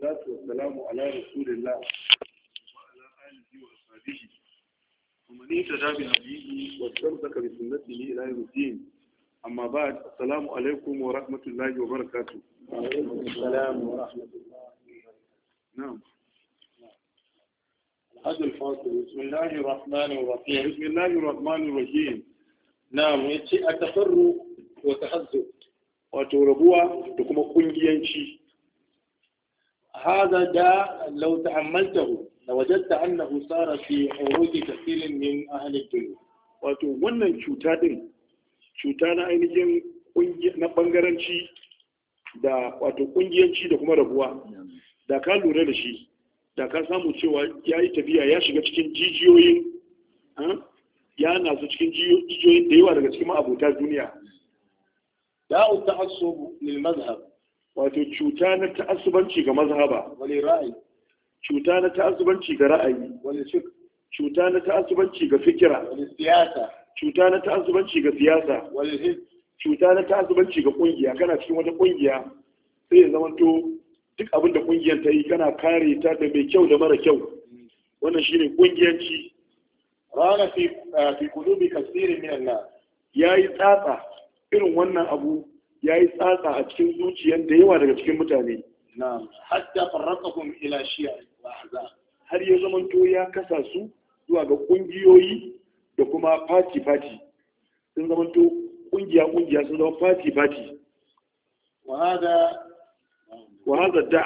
salatu wassalamu ala rasulillah wa ala alihi wa sahbihi kuma ni ta dabi habibi wa tsamsaka bi sunnati ni ila yusin amma ba assalamu alaikum wa rahmatullahi wa barakatuh wa alaikum assalam wa rahmatullahi na'am الحج الفاصل بسم هذا داء لو تحملته لوجدت أنه صار في عروج كثير من أهل الدنيا wato wannan cuta din cuta na ainihin na bangaranci da wato kungiyanci da kuma rabuwa da ka lura da shi da ka samu cewa ya yi tafiya ya shiga cikin jijiyoyin ya na su cikin jijiyoyin da yawa daga cikin ma'abota duniya da'u asubu, lil mazhab wato cuta na ta'assubanci ga mazhaba wale ra'ayi cuta na ta'assubanci ga ra'ayi wale shi cuta na ta'assubanci ga fikira wale siyasa cuta na ta'assubanci ga siyasa wale shi cuta na ta'assubanci ga kungiya kana cikin wata kungiya sai ya zamanto duk abin da kungiyar ta yi kana kare ta da mai kyau da mara kyau wannan shine kungiyanci rana fi eh, fi qulubi kaseerin minan an-nas yayi tsatsa irin wannan abu ya yi tsatsa a cikin zuciyar da yawa daga cikin mutane na'am hatta farraqahum ila shi'a a ahzab har ya zama to ya kasa su zuwa ga kungiyoyi da kuma fati fati sun zama to kungiya kungiya sun zama fati fati wa haza da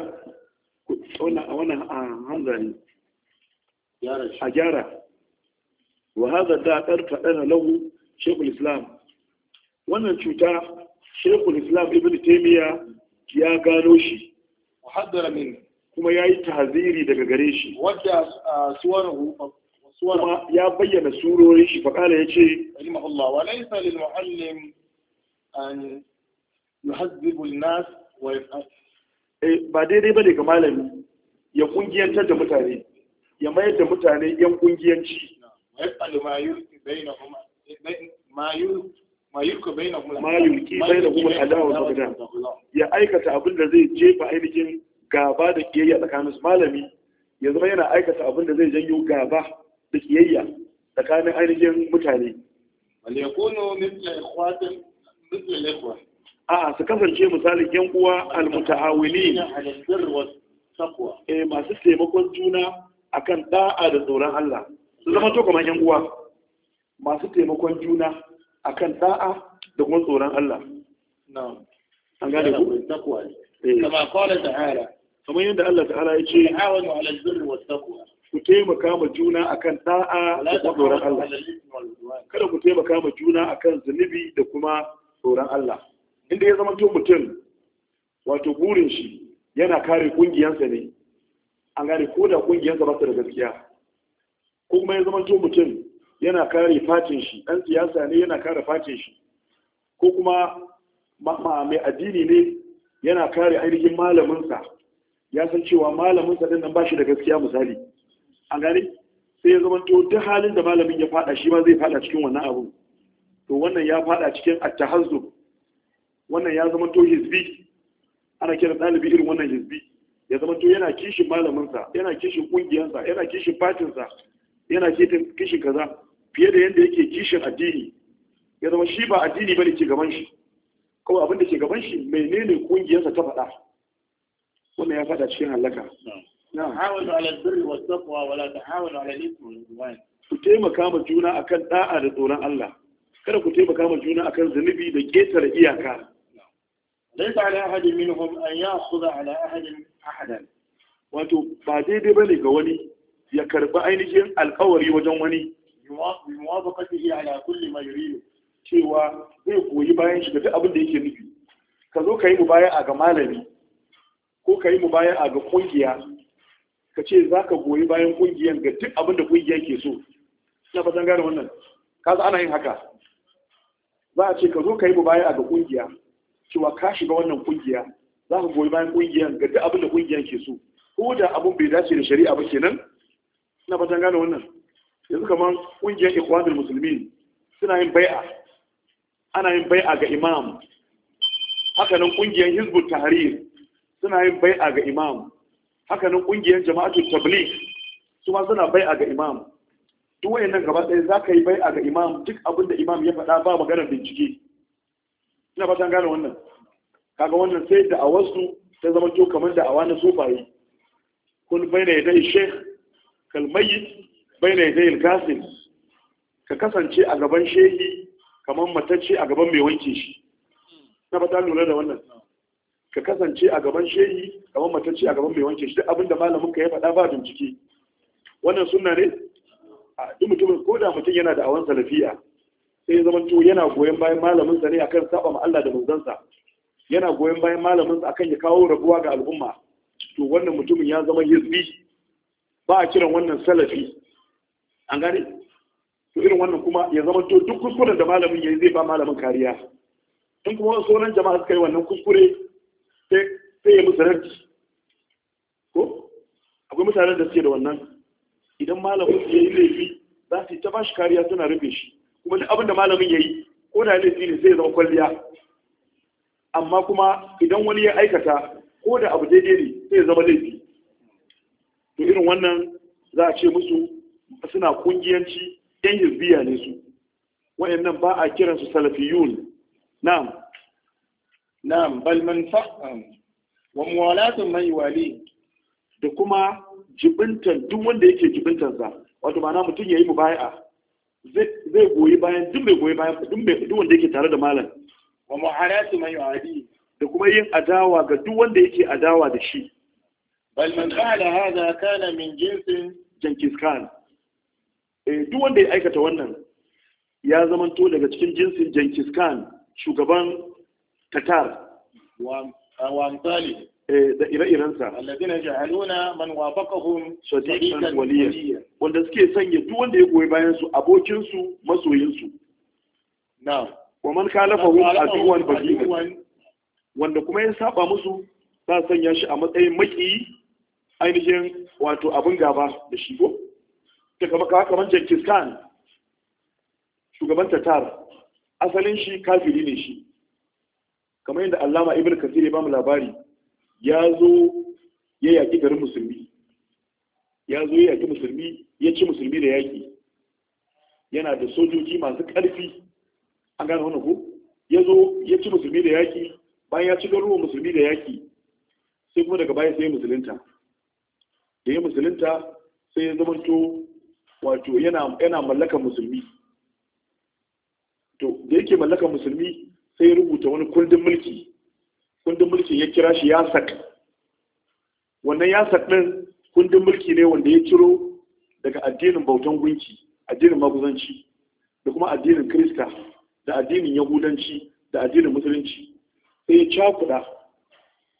ku tsauna wannan wannan hanza ne a gyara wa haza da dar ɗana lahu Shekul islam wannan cuta shekul islam ibn taimiya ya gano shi muhaddara min kuma ya yi tahaziri daga gare shi wadda kuma ya bayyana surorin shi faƙala ya ce wa eh, ba ne ga malami ya da mutane ya mayar da mutane yan kungiyanci ma ma yulki bainahum kuma adawa wal baghdad ya aikata abin da zai jefa ainihin gaba da kiyayya tsakanin malami ya zama yana aikata abin da zai janyo gaba da kiyayya tsakanin ainihin mutane wal a su kasance misalin yan uwa al-mutaawilin eh, masu taimakon juna akan da'a da tsoron Allah su zama to kamar yan uwa masu taimakon juna akan da'a da kuma tsoron Allah na'am an gane ku takwa eh. kama qala ta'ala kamar yadda Allah ta'ala ya ce 'ala taqwa ku taimaka ma juna akan da'a da tsoron Allah kada ku taimaka ma juna akan zunubi da kuma tsoron Allah inda ya zama to mutum wato burin shi yana kare kungiyansa ne an gane ko da kungiyansa ba su da gaskiya ko kuma ya zama to mutum yana kare facin shi ɗan siyasa ne yana kare facin shi ko kuma mai addini ne yana kare ainihin malaminsa ya san cewa malaminsa ɗin nan ba shi da gaskiya misali a gani sai ya zama to duk halin da malamin ya fada shi ma zai fada cikin wannan abu to wannan ya fada cikin attahazzu wannan ya zama to hizbi ana kira ɗalibi irin wannan hizbi ya zama to yana kishin malaminsa yana kishin kungiyarsa yana kishin fatinsa yana kishin kaza fiye da yadda yake kishin addini ya zama shi ba addini ba da ke gaban shi kawai abin da ke gaban shi menene kungiyarsa ta faɗa wannan ya faɗa cikin halaka ku taimaka ma juna akan da'a da tsoron Allah kada ku taimaka ma juna akan zunubi da ketare iyaka ليس على أحد منهم أن يأخذ على أحد أحدا wato ba daidai bane ga wani ya karba ainihin alkawari wajen wani bimuwafaqatihi ala kulli ma yuridu cewa zai goyi bayan shi da duk abin da yake nufi ka zo ka yi mu mubaya'a ga malami ko ka yi mu mubaya'a ga kungiya ka ce za ka goyi bayan kungiyan ga duk abin da kungiya ke so ina fatan gane wannan kaza ana yin haka za a ce ka zo ka yi mu mubaya'a ga kungiya cewa ka shiga wannan kungiya za ka goyi bayan kungiyan ga duk abin da kungiyan ke so ko da abin bai dace da shari'a ba kenan ina fatan gane wannan yanzu kamar ƙungiyar ikwanin musulmi suna yin bai'a ana yin bai'a ga imam hakanan ƙungiyar hizbut tahrir suna yin bai'a ga imam hakanan ƙungiyar jama'atul tabligh su ma suna bai'a ga imam duk wayannan gaba ɗaya za ka yi bai'a ga imam duk abin da imam ya faɗa ba maganar bincike ina fatan gane wannan kaga wannan sai da awarsu ta zama to kamar da awa na sufaye kun bayyana yadda shekh kalmayi. bai na yadda kasin. ka kasance a gaban shehi kamar matacce a gaban mai wanke shi na fata lura da wannan ka kasance a gaban shehi kamar matacce a gaban mai wanke shi duk abinda malamin ka ya faɗa ba bincike wannan sunna ne a duk mutumin ko da mutum yana da awan salafiya sai ya zamanto yana goyon bayan malamin sa ne akan saba ma Allah da manzansa yana goyon bayan malamin sa akan ya kawo rabuwa ga al'umma to wannan mutumin ya zama hizbi ba a kiran wannan salafi an gane to irin wannan kuma ya zama to duk kuskuren da malamin yayi zai ba malamin kariya in kuma sauran jama'a suka yi wannan kuskure sai ya musu rarki ko akwai mutanen da suke da wannan idan malamin su yayi laifi za su yi ta bashi kariya suna rufe shi kuma duk abin da malamin yayi ko da laifi ne sai ya zama kwalliya amma kuma idan wani ya aikata ko da abu daidai ne sai ya zama laifi to irin wannan za a ce musu suna kungiyanci yan hizbiya ne su wayannan ba a kiran su salafiyun na'am na'am bal man fa'am wa muwalatun man yuwali da kuma jibintan duk wanda yake jibintan sa wato ma'ana mutum yayi mubai'a zai goyi bayan duk mai goyi bayan duk wanda yake tare da malam wa muharatu man yuadi da kuma yin adawa ga duk wanda yake adawa da shi bal man qala hadha kana min jinsin Jankis Khan eh duk wanda ya aikata wannan ya zamanto daga cikin jinsin Genghis Khan shugaban Tatar wa eh, da ire-irensa wanda suke sanya duk wanda ya goyi bayansu su abokin su masoyin su na'am wa man wanda kuma ya saba musu ba sanya shi a matsayin maki ainihin wato abin gaba da shi ko ta kama kawo kamar khan shugaban tatar asalin shi kafiri ne shi kamar yadda allama ibn kasir ya ba mu labari ya zo ya yaƙi garin musulmi ya zo ya yaƙi musulmi ya ci musulmi da yaƙi yana da sojoji masu ƙarfi an gane wani ku? ya zo ya ci musulmi da yaƙi bayan ya ci garuruwan musulmi da yaƙi sai kuma daga baya sai musulunta da ya musulunta sai ya zamanto wato yana yana musulmi to da yake mallaka musulmi sai ya rubuta wani kundin mulki kundin mulki ya kira shi yasak wannan yasak din kundin mulki ne wanda ya ciro daga addinin bautan gunki addinin maguzanci da kuma addinin krista da addinin yahudanci da addinin musulunci sai ya cakuda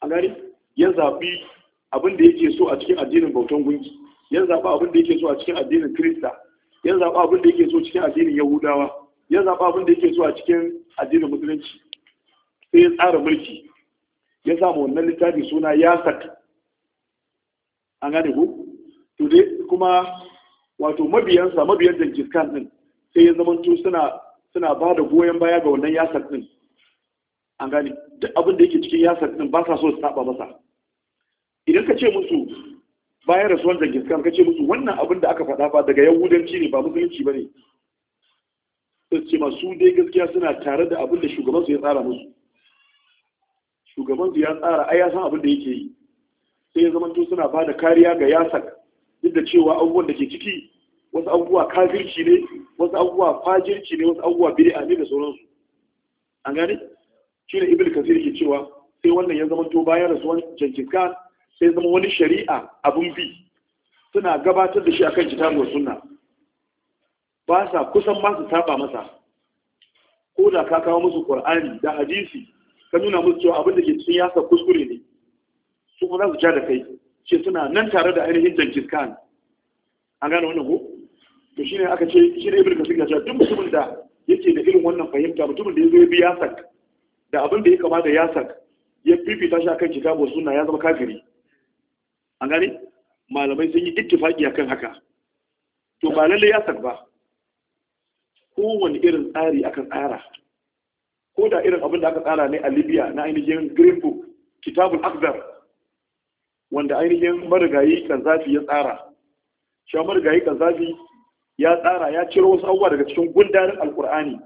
a gari ya zaɓi abin da yake so a cikin addinin bautan gunki Yan zaɓa abin da yake so a cikin addinin Kirista yan zaɓa abin da yake so cikin addinin Yahudawa yan zaɓa abin da yake so a cikin addinin Musulunci sai ya tsara mulki ya samu wannan littafi suna Yasak an gane ku to dai kuma wato mabiyansa mabiyan da Khan din sai ya zamanto suna suna ba da goyon baya ga wannan Yasak din an gane duk abin da yake cikin Yasak din ba sa so su saba masa idan ka ce musu bayan suwan da giskan kace musu wannan abin da aka faɗa ba daga yahudanci ne ba musulunci ne. su ce masu dai gaskiya suna tare da abin da shugabansu ya tsara musu shugabansu ya tsara ai ya san abin da yake yi sai ya zama to suna ba da kariya ga yasak duk da cewa abubuwan da ke ciki wasu abubuwa kafirci ne wasu abubuwa fajirci ne wasu abubuwa bid'a ne da sauransu an gane shi ne ibil kasir ke cewa sai wannan ya zama to bayan rasuwan jenkins khan sai zama wani shari'a abun bi suna gabatar da shi akan kitabuwar sunna ba sa kusan ba su saba masa ko da ka kawo musu qur'ani da hadisi ka nuna musu cewa abin da ke cikin yasa kuskure ne su kuma za su ja da kai ce suna nan tare da ainihin jankis khan an gane wannan ko to shine aka ce shi ne Ibrahim kasir ya ce duk mutumin da yake da irin wannan fahimta mutumin da ya zo ya bi yasak da abin da ya kama da yasak ya fifita shi akan kitabuwar sunna ya zama kafiri an gane malamai sun yi ittifaki akan haka to ba lalle ya Ko kowane irin tsari aka tsara ko da irin abin da aka tsara ne a libya na ainihin green book kitabul akzar wanda ainihin marigayi zafi ya tsara shi marigayi zafi ya tsara ya ciro wasu abubuwa daga cikin gundarin alkur'ani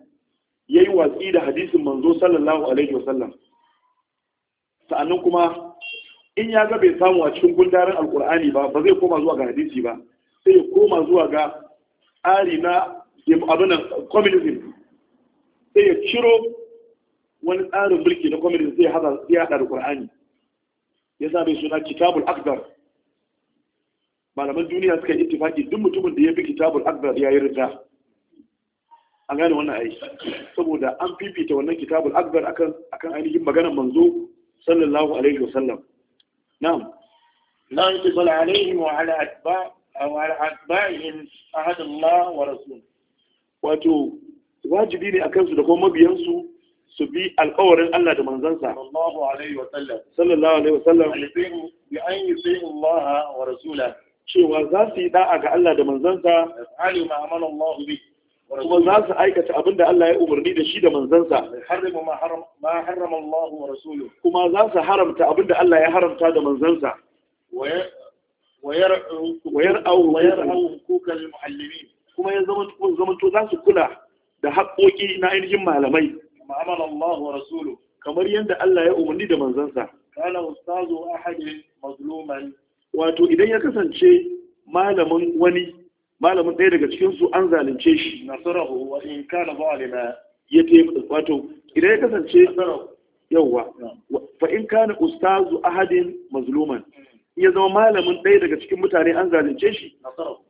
yayi yi watsi da hadisin manzo sallallahu alaihi wasallam sa'annan kuma in ya ga bai samu a cikin gundarin alkur'ani ba ba zai koma zuwa ga hadisi ba sai ya koma zuwa ga tsari na abinan communism sai ya ciro wani tsarin mulki na communism sai ya haɗa da qur'ani ya sa bai suna kitabul akbar malaman duniya suka yi ittifaki duk mutumin da ya bi kitabul akbar ya yi rida a gane wannan ayi saboda an fifita wannan kitabul akbar akan ainihin maganar manzo sallallahu alaihi wasallam نعم لا يقبل عليهم وعلى أتباع أو على أتباعهم أحد الله ورسوله واتو wajibi ne a kansu da kuma mabiyansu su bi alkawarin Allah da manzansa sallallahu alaihi wa sallam sallallahu alaihi wa sallam wa rasula cewa za su yi ga Allah da manzansa alu ma kuma za su aikata abin da Allah ya umarni da shi da manzansa kuma za su haramta abin da Allah ya haramta da manzansa wayar au kuma ya zama zamanto za su kula da haƙoƙi na ainihin malamai kamar yadda Allah ya umarni da manzansa kana ustazu ahadin mazluman wato idan ya kasance malamin wani malamin ɗaya daga cikin su an zalunce shi nasarahu wa in kana zalima ya taimaka wato idan ya kasance yauwa fa in kana ustazu ahadin mazluman in ya zama malamin ɗaya daga cikin mutane an zalunce shi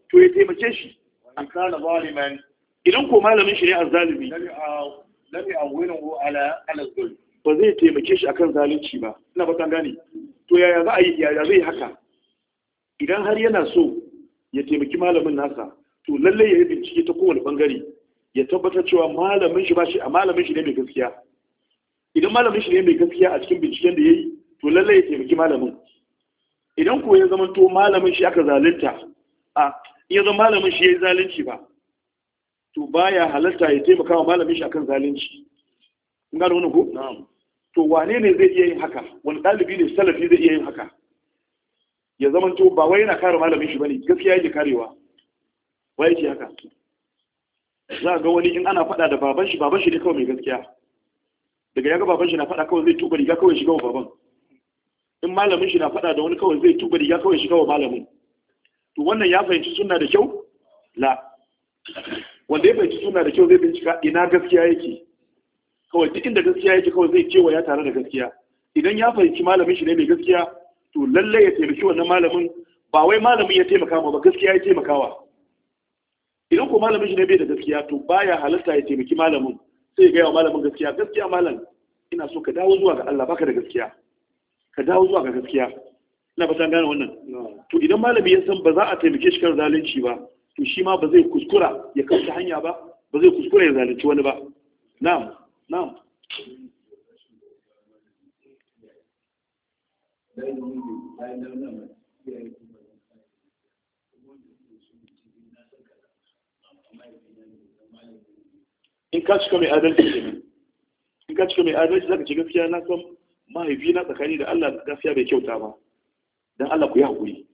to ya taimake shi an kana zaliman idan ko malamin shi ne a azzalimi lam a ala ala zulm ba zai taimake shi akan zalunci ba ina ba san gane to yaya za a yi yaya zai haka idan har yana so ya taimaki malamin nasa to lallai ya yi bincike ta kowane bangare ya tabbatar cewa malamin shi ba shi a malamin shi ne mai gaskiya idan malamin shi ne mai gaskiya a cikin binciken da ya yi to lallai ya taimaki malamin idan ko ya zama to malamin shi aka zalunta a iya zama malamin shi ya yi zalunci ba to baya halarta ya taimaka wa malamin shi akan zalunci kun gano wani ko to wane ne zai iya yin haka wani ɗalibi ne salafi zai iya yin haka ya zama to ba wai yana kare malamin shi bane gaskiya yake karewa wai yake haka za ga wani in ana faɗa da baban shi baban shi ne kawai mai gaskiya daga yaga baban shi na faɗa kawai zai tuba riga kawai shiga wa baban in malamin shi na faɗa da wani kawai zai tuba riga kawai shiga wa malamin to wannan ya fahimci sunna da kyau la wanda ya fahimci sunna da kyau zai bincika ina gaskiya yake kawai duk inda gaskiya yake kawai zai ya tare da gaskiya idan ya fahimci malamin shi ne mai gaskiya to lallai ya taimaki wannan malamin ba wai malamin ya taimaka ma ba gaskiya ya taimakawa idan ko malamin shi ne bai da gaskiya to baya halatta ya taimaki malamin sai ya gaya wa malamin gaskiya gaskiya malam ina so ka dawo zuwa ga Allah baka da gaskiya ka dawo zuwa ga gaskiya ina ba san gane wannan to idan malami ya san ba za a taimake shi kan zalunci ba to shi ma ba zai kuskura ya kauce hanya ba ba zai kuskura ya zalunci wani ba na'am na'am in ka cika mai adalci in ka cika mai adalci zaka ce gaskiya na san mahaifi na tsakani da Allah gaskiya bai kyauta ba dan Allah ku yi hakuri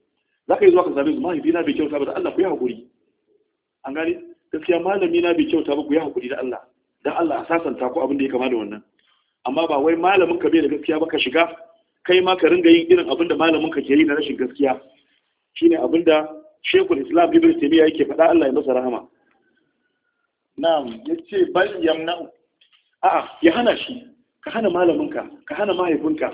zaka yi zuwa ka same su mahaifi na bai kyauta ba don Allah ku yi hakuri an gani gaskiya malami na bai kyauta ba ku yi hakuri da Allah dan Allah a sasanta ku abin da ya kama da wannan amma ba wai malamin ka bai da gaskiya ba ka shiga kai ma ka ringa yin irin abin da malamin ka ke yi na rashin gaskiya shine abin da shekul islam ibn taymiya yake faɗa Allah ya masa rahama na'am yace bal a a ya hana shi ka hana malamin ka hana mahaifinka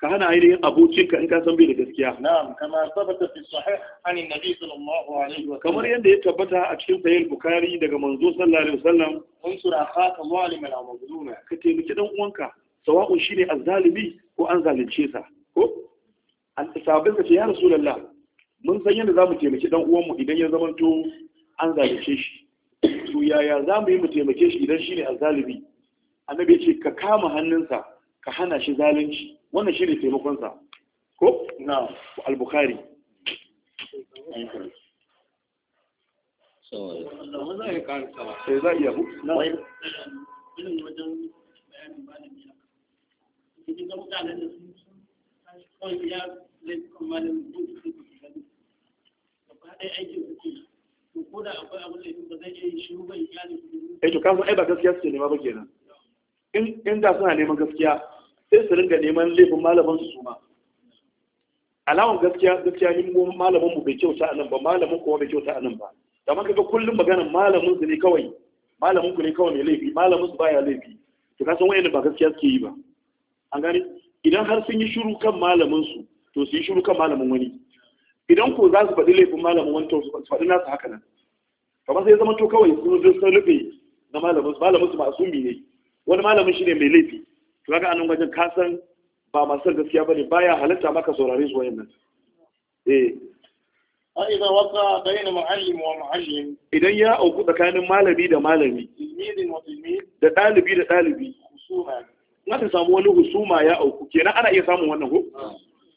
ka hana ainihin abokinka in ka san bai da gaskiya na'am kama sabata fi sahih an annabi sallallahu alaihi wa kamar yadda ya tabbata a cikin sahih bukhari daga manzo sallallahu alaihi wasallam unsur akhaka zaliman aw mazluma ka taimaki dan uwanka ne shine azzalimi ko an zalunce sa ko sahabbai ka ce ya rasulullah mun san yadda zamu taimaki dan mu idan ya zamanto an zalunce shi to yaya zamu yi mu taimake shi idan shine azzalimi annabi ya ce ka kama hannunsa ka hana shi zalunci wannan shine taimakon sa ko na al-bukhari sai za iya bu eh, na wajen bayanin malami sai ga mutanen da sun tashi kawai ya zai kuma da mutum su ke gani gaba ɗaya aikin su ke to ko da akwai abin da ba zai iya shiru ba ya ne eh to kasu ai ba gaskiya suke nema ba kenan in in da suna neman gaskiya sai su ringa neman laifin malaman su ma alawan gaskiya gaskiya ni mu malamin mu bai kyauta a nan ba malamin kuma bai kyauta a nan ba da maka ga kullum magana malamin su ne kawai malamin ku ne kawai mai laifi malamin su baya laifi to ka san wayannan ba gaskiya suke yi ba an gane idan har sun yi shuru kan malamin su to su yi shuru kan malamin wani idan ko za su faɗi laifin malamin wani to su faɗi nasu haka nan kamar sai zama to kawai sun zo sun rufe na malamin su malamin su masumi ne wani malamin shi ne mai laifi to kaga anan wajen ka san ba masu gaskiya bane baya halatta maka saurare su wayannan eh فإذا وقع بين معلم ومعلم إذا يا أو كنت كان مالبي ده مالبي تلميذ وتلميذ ده طالبي ده طالبي خصوما in aka samu wani husuma ya auku kenan ana iya samun wannan ko ah.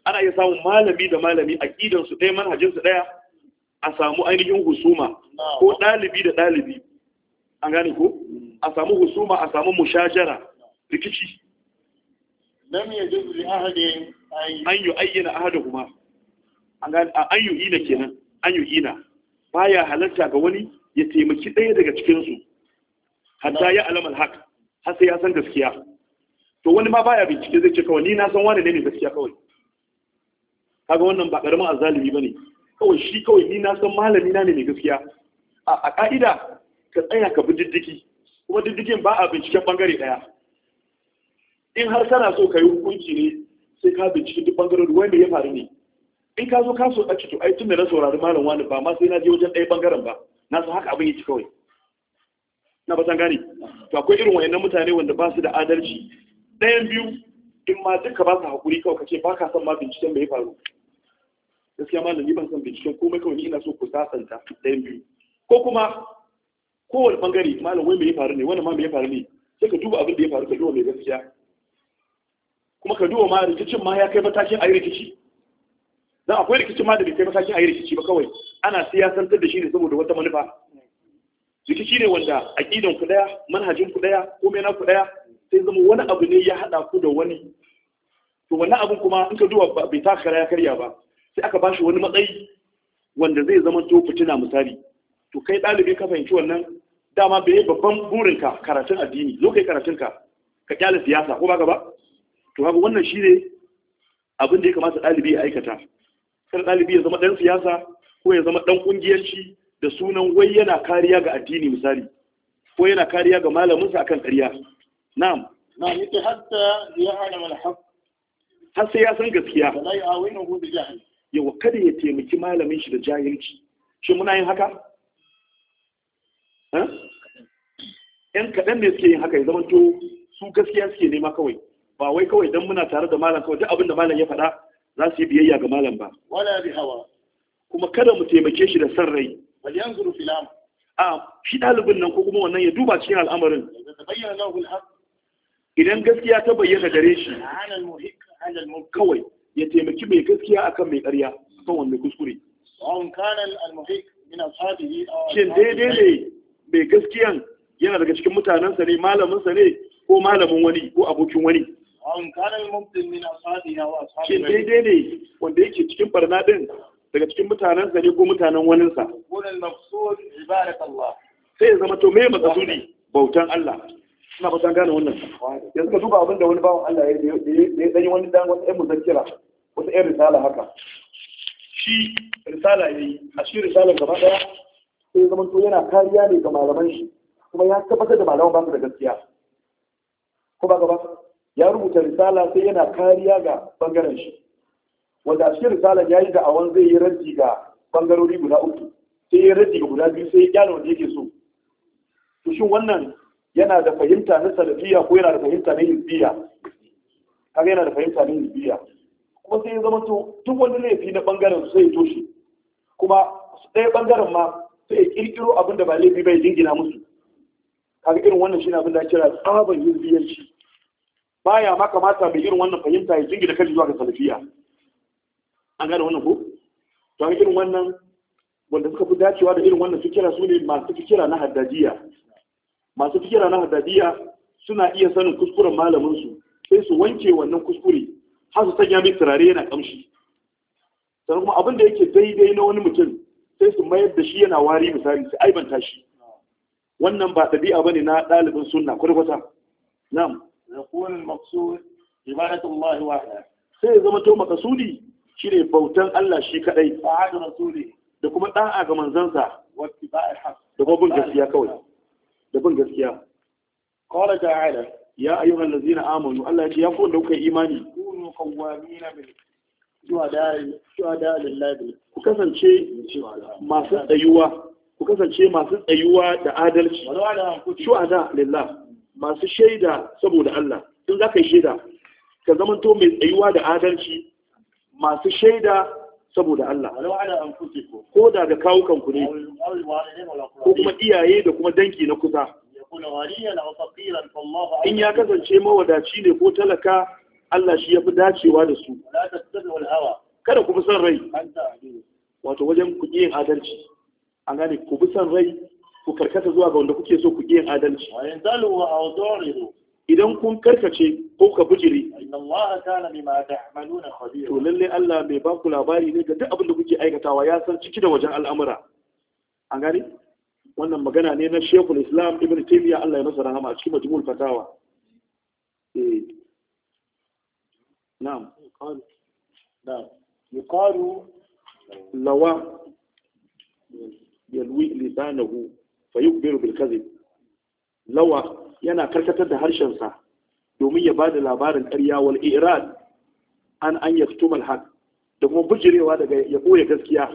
ana iya samun malami da malami aqidan su ɗaya manhajin su ɗaya a samu ainihin husuma ah. ko ɗalibi da ɗalibi an gane ko a samu husuma a samu mushajara rikici lam yajuz li ahadin an yu'ayyana ahaduhuma an gane an yu'ina kenan an yu'ina baya halarta ga wani ya taimaki ɗaya daga cikinsu hatta ya alamar haka har sai ya san gaskiya to wani ma baya bincike zai ce kawai ni na san wane ne mai gaskiya kawai kaga wannan ba karamin azalimi bane kawai shi kawai ni na san malami na ne mai gaskiya a ka'ida ka tsaya ka bi diddiki kuma diddikin ba a binciken bangare daya in har kana so ka yi hukunci ne sai ka binciki duk bangarorin wanda ya faru ne in ka zo ka so a to ai tun da na saurari malam wani ba ma sai na je wajen ɗaya bangaren ba na san haka abin yake kawai na ba san gane to akwai irin wayannan mutane wanda ba su da adalci ɗayan biyu in ma duka ba ka haƙuri kawai kake ba ka son ma binciken bai faru gaskiya malam ni ban son binciken komai kawai ni ina so ku sasanta ɗayan biyu ko kuma kowane bangare malam wai mai faru ne wannan ma mai faru ne sai ka duba abin da ya faru ka duba mai gaskiya kuma ka duba ma rikicin ma ya kai matakin a yi rikici dan akwai rikicin ma da bai kai matakin a yi rikici ba kawai ana siyasantar da shi ne saboda wata manufa rikici ne wanda ƙidan ku ɗaya, manhajin ku ɗaya, komai na ku ɗaya. sai zama wani abu ne ya haɗa ku da wani to wani abin kuma in ka duba bai takara ya karya ba sai aka bashi wani matsayi wanda zai zama to fitina misali to kai ɗalibi ka fahimci wannan dama bai yi babban burinka karatun addini zo kai karatunka ka kyale siyasa ko baka ba to haka wannan shi ne abin da ya kamata ɗalibi ya aikata Kada ɗalibi ya zama ɗan siyasa ko ya zama ɗan ƙungiyarci da sunan wai yana kariya ga addini misali ko yana kariya ga malaminsa akan ƙarya na'am na'am yake hatta ya alama alhaq har sai ya san gaskiya la ya'awinahu bi jahl yawa kada ya taimaki malamin shi da jahilci shi muna yin haka yan kaɗan ne suke yin haka ya zama to su gaskiya suke nema kawai ba wai kawai dan muna tare da malam kawai duk abin da malam ya faɗa za su yi biyayya ga malam ba wala bi hawa kuma kada mu taimake shi da san rai bal yanzuru fil a shi dalibin nan ko kuma wannan ya duba cikin al'amarin bayyana lahu al-haq idan gaskiya ta bayyana gare shi kawai ya taimaki mai gaskiya akan mai ƙarya kan wanda kuskure shin daidai ne mai gaskiyan yana daga cikin mutanensa ne malaminsa ne ko malamin wani ko abokin wani shin daidai ne wanda yake cikin barna din daga cikin mutanensa ne ko mutanen waninsa sai ya zama to me makasudi bautan Allah suna ba san gane wannan yanzu ka duba abin da wani bawan Allah ya yi dan wani dan wasu ɗan muzakkira wata ɗan risala haka shi risala ya yi a shi risalar gaba ɗaya sai zaman to yana kariya ne ga malaman shi kuma ya tabbatar da malaman ba su da gaskiya ko ba gaba ya rubuta risala sai yana kariya ga bangaren shi wanda a cikin risalar ya yi da awon zai yi raji ga bangarori guda uku sai ya raji ga guda biyu sai ya kyale wanda yake so to shin wannan yana da fahimta na salafiya ko yana da fahimta na hizbiya kaga yana da fahimta na hizbiya kuma sai ya zama to duk wani laifi na bangaren sai ya toshe kuma ɗaya bangaren ma sai ya kirkiro abin da ba laifi bai jingina musu kaga irin wannan shine abin da kira tsaban hizbiyanci baya ma kamata mai irin wannan fahimta ya jingina kai zuwa ga salafiya an gane wannan ko to irin wannan wanda suka fi dacewa da irin wannan su kira su ne masu kira na haddajiya masu fikira na hadadiya suna iya sanin kuskuren malaminsu sai su wanke wannan kuskure har su sanya mai turare yana kamshi sannan kuma abin da yake daidai na wani mutum sai su mayar da shi yana wari misali su aibanta shi wannan ba ɗabi'a ba ne na ɗalibin sunna kwata-kwata na'am yakun maqsud ibadatullah wahda sai zama to makasudi shine bautan Allah shi kadai da kuma da'a ga manzansa da kuma bin gaskiya kawai da bin gaskiya qala ta'ala ya ayyuhal ladzina amanu Allah ce ya ku da kuka imani kunu qawwamina bil shuhada lillahi ku kasance masu tsayuwa ku kasance masu tsayuwa da adalci shuhada lillahi masu shaida saboda Allah in za ka yi shaida ka zamanto mai tsayuwa da adalci masu shaida saboda Allah ko da ga kawukan ku ne ko kuma iyaye da kuma dangi na kusa in ya kasance mawadaci ne ko talaka Allah shi ya fi dacewa da su kada ku bi son rai wato wajen ku yin adalci an gane ku bi son rai ku karkata zuwa ga wanda kuke so ku yin adalci idan kun karkace ko ka bujiri to lalle Allah mai ba ku labari ne ga duk abin da kuke aikatawa ya san ciki da wajen al'amura an gani wannan magana ne na shekul Islam Ibn Taimiyya. Allah ya masa rahama a cikin Majmu'ul Fatawa eh. na'am yalwi lisanahu fayukbiru bil kadhib lawa yana karkatar da harshensa domin ya ba da labarin ƙarya wal iran an an ya fito malhaq da kuma bujirewa daga ya ɓoye gaskiya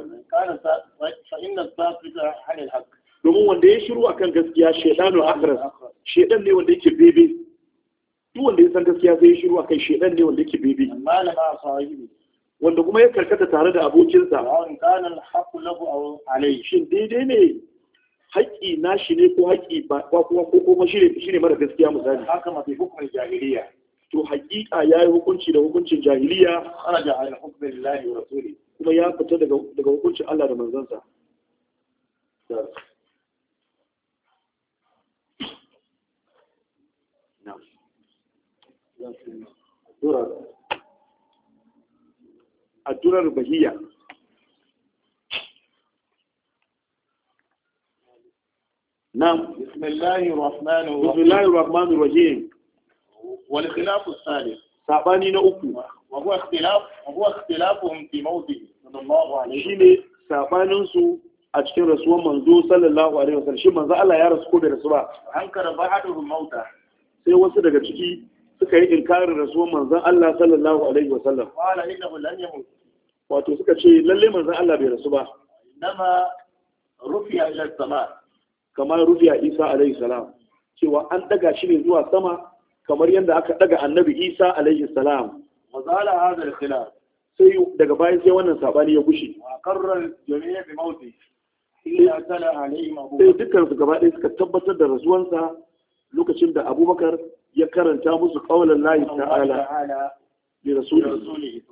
domin wanda ya shiru akan gaskiya shaidanu akras shaidan ne wanda yake bebe duk wanda ya san gaskiya zai shiru akan shaidan ne wanda yake bebe wanda kuma ya karkata tare da abokinsa shin daidai ne haƙƙi nashi ne ko haƙƙi ba kuma ko kuma shi ne mara gaskiya misali haka mafi hukumar jahiliya to haƙiƙa ya yi hukunci da hukuncin jahiliya ana da ala hukumar lillahi wa rasuli kuma ya fita daga hukuncin Allah da manzansa الدرر الدرر نعم بسم الله الرحمن الرحيم بسم الله الرحمن الرحيم والخلاف الثالث ساباني نأكو وهو اختلاف وهو اختلافهم في موته صلى الله عليه وسلم شيني سابانين سو a cikin rasuwan manzo sallallahu alaihi wasallam shi manzo Allah ya rasu ko bai rasu ba an karba sai wasu daga ciki suka yi inkarin rasuwan manzon Allah sallallahu alaihi wasallam wala innahu lam yamut wato suka ce lalle manzan Allah bai rasu ba nama rufiya ila sama kamar rufiya isa alaihi salam cewa an daga shi ne zuwa sama kamar yadda aka daga annabi isa alaihi salam mazala hada al-khilaf sai daga bayan sai wannan sabani ya gushe wa qarrar jami'a bi mauti illa tala alaihi mabu sai dukkan su gaba ɗaya suka tabbatar da rasuwansa lokacin da abubakar ya karanta musu qaulan lahi ta'ala li rasulihi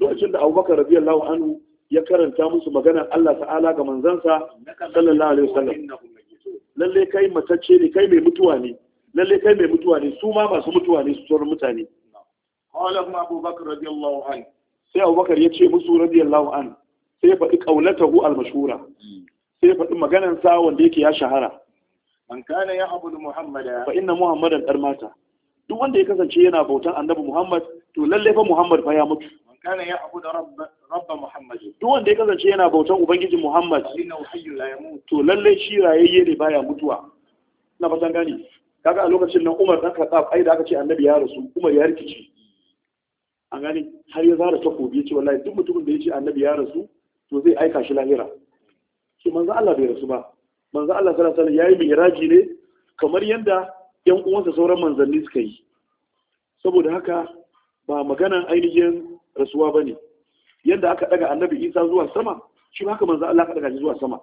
lokacin da abubakar radiyallahu anhu ya karanta musu maganar Allah ta'ala ga manzansa sallallahu alaihi wasallam lalle kai matacce ne kai mai mutuwa ne lalle kai mai mutuwa ne su ma masu mutuwa ne su tsoron mutane qala ma Abu Bakr radiyallahu anhu sai Abu Bakar ya ce musu radiyallahu anhu sai faɗi qaulatahu al-mashhura sai faɗi maganar sa wanda yake ya shahara man kana ya abu Muhammad. fa inna muhammadan qad mata duk wanda ya kasance yana bautan annabi Muhammad to lalle fa Muhammad fa ya mutu kana ya abu da rabba Muhammad duk wanda ya kasance yana bautan ubangiji Muhammad to lallai shi rayayye ne baya mutuwa na fatan gani kaga a lokacin nan Umar dan Khattab ai da aka ce annabi ya rasu Umar ya rikice an gani har ya zara ta ya ce wallahi duk mutumin da ya ce annabi ya rasu to zai aika shi lahira shi manzo Allah bai rasu ba manzo Allah sallallahu alaihi wasallam yayi mihraji ne kamar yanda yan uwansa sauran manzanni suka yi saboda haka ba maganan ainihin rasuwa ba ne yadda aka daga annabi isa zuwa sama shi haka manzo Allah ka daga shi zuwa sama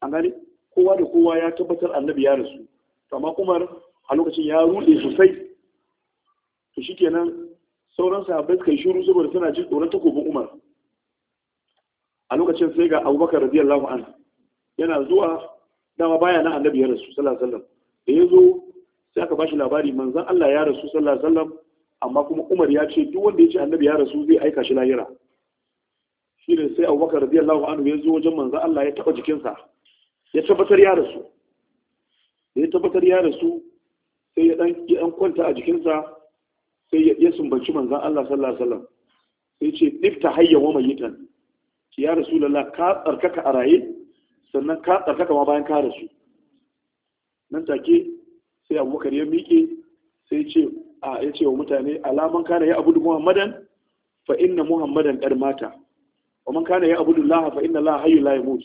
an gane kowa da kowa ya tabbatar annabi ya rasu amma Umar a lokacin ya rude sosai to shikenan sauran sahabbai kai yi shiru saboda suna jin tsoron takobin Umar a lokacin sai ga Abubakar radiyallahu anhu yana zuwa dama baya na annabi ya rasu sallallahu alaihi wasallam da yazo sai aka bashi labari manzon Allah ya rasu sallallahu alaihi wasallam amma kuma Umar ya ce duk wanda ya ce annabi ya rasu zai aika shi lahira shi ne sai Abubakar radiyallahu anhu ya zo wajen manzo Allah ya taba jikinsa ya tabbatar ya rasu da ya tabbatar ya rasu sai ya dan kwanta a jikinsa sai ya sumbanci manzan Allah sallallahu alaihi wasallam sai ce nifta hayya wa mayitan ya rasulullah ka tsarkaka a raye sannan ka tsarkaka ma bayan ka rasu nan take sai abubakar ya miƙe sai ce a ya ce wa mutane alaman kana ya abudu muhammadan fa inna muhammadan kar mata wa man kana ya abudu laha fa inna laha hayyu la yamut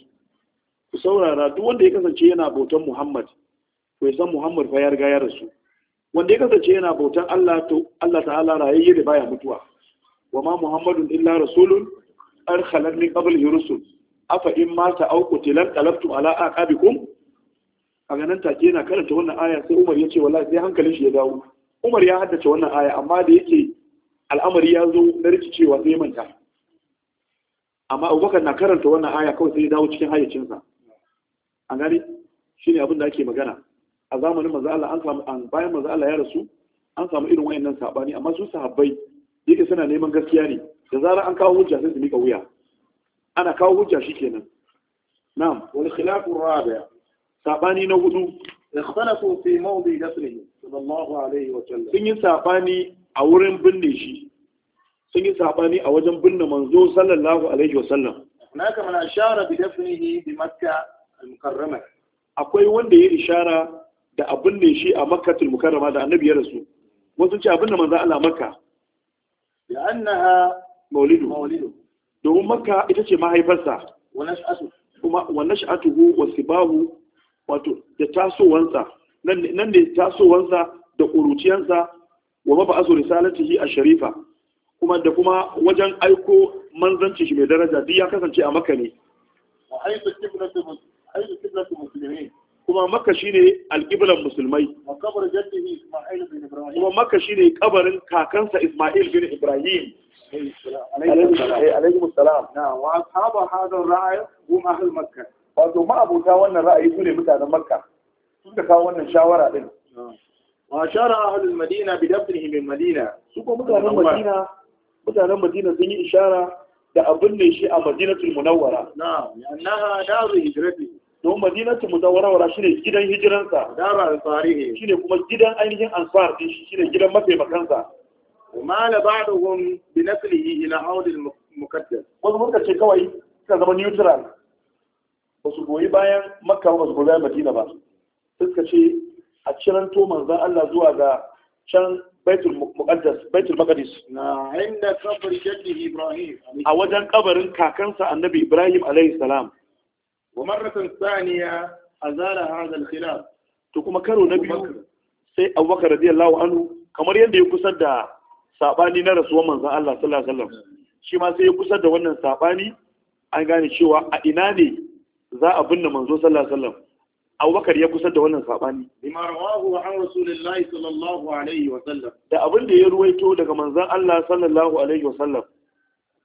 ku saurara duk wanda ya kasance yana bautan muhammad to ya san muhammad fa ya riga ya rasu wanda ya kasance yana bautan Allah to Allah ta'ala rayayye da baya mutuwa wa ma muhammadun illa rasulun ar khalat min qablihi rusul afa in mata aw qutilan qalabtum ala aqabikum a ganin take yana karanta wannan aya sai Umar ya ce wallahi sai hankalin shi ya dawo Umar ya haddace wannan aya amma da yake al'amari ya zo na rikicewa sai manta amma Abubakar na karanta wannan aya kawai sai ya dawo cikin hayyacinsa an gani shine abin da ake magana a zamanin manzo Allah an samu an bayan maza Allah ya rasu an samu irin wayannan sabani amma su sahabbai yake suna neman gaskiya ne da zarar an kawo hujja sai su mika wuya ana kawo hujja shikenan na'am wal khilafu rabi'a. sabani na hudu ikhtalafu fi mawdi dafnihi sun yi sabani a wurin binne shi sun yi sabani a wajen binne manzo sallallahu alaihi wasallam hunaka man da bi dafnihi bi makka al-mukarrama akwai wanda ya ishara da a binne shi a al mukarrama da annabi ya rasu wasu ce abinda manzo Allah makka ya annaha maulidu maulidu domin makka ita ce mahaifarsa wa nash'atu kuma wa nash'atuhu wa sibahu wato da tasowansa nan ne tasowansa da ƙuruciyansa wa maba'azu risalatihi a sharifa kuma da kuma wajen aiko manzanci shi mai daraja duk ya kasance a maka ne kuma maka shine alƙiblan musulmai kuma maka shine kabarin kakansa ismail bin ibrahim alaikum eh, salam na wa sahaba hadar ra'ayi hum ahl makkah wato ma abuta wannan ra'ayi su ne mutanen makka Ka kawo wannan shawara din wa shara ahlul madina bi dafnihi min madina su ko mutanen madina mutanen madina sun yi ishara da abin ne shi a madinatul munawwara na'am annaha daru hijrati don madinatul munawwara shine gidan hijiransa daru farihi. shine kuma gidan ainihin ansar din shi shine gidan mataimakansa mala ba'dhum bi naqlihi ila hawl mukaddas wasu muka ce kawai suka zama neutral ba su goyi bayan makka ba su goyi bayan madina ba suka ce a to manzan Allah zuwa ga can baitul muqaddas baitul maqdis na inda kabar jaddi ibrahim a wajen kabarin kakansa annabi ibrahim alayhi salam wa marratan thaniya azala hadha alkhilaf to kuma karo na biyu sai abubakar radiyallahu anhu kamar yadda ya kusar da sabani na rasuwar manzan Allah sallallahu alaihi wasallam shi ma sai ya kusar da wannan sabani an gane cewa a ina ne za a binne manzo sallallahu alaihi wasallam abubakar ya kusa da wannan sabani. bima rawahu an rasulillahi sallallahu alaihi wa sallam da abin da ya ruwaito daga manzon Allah sallallahu alaihi wa sallam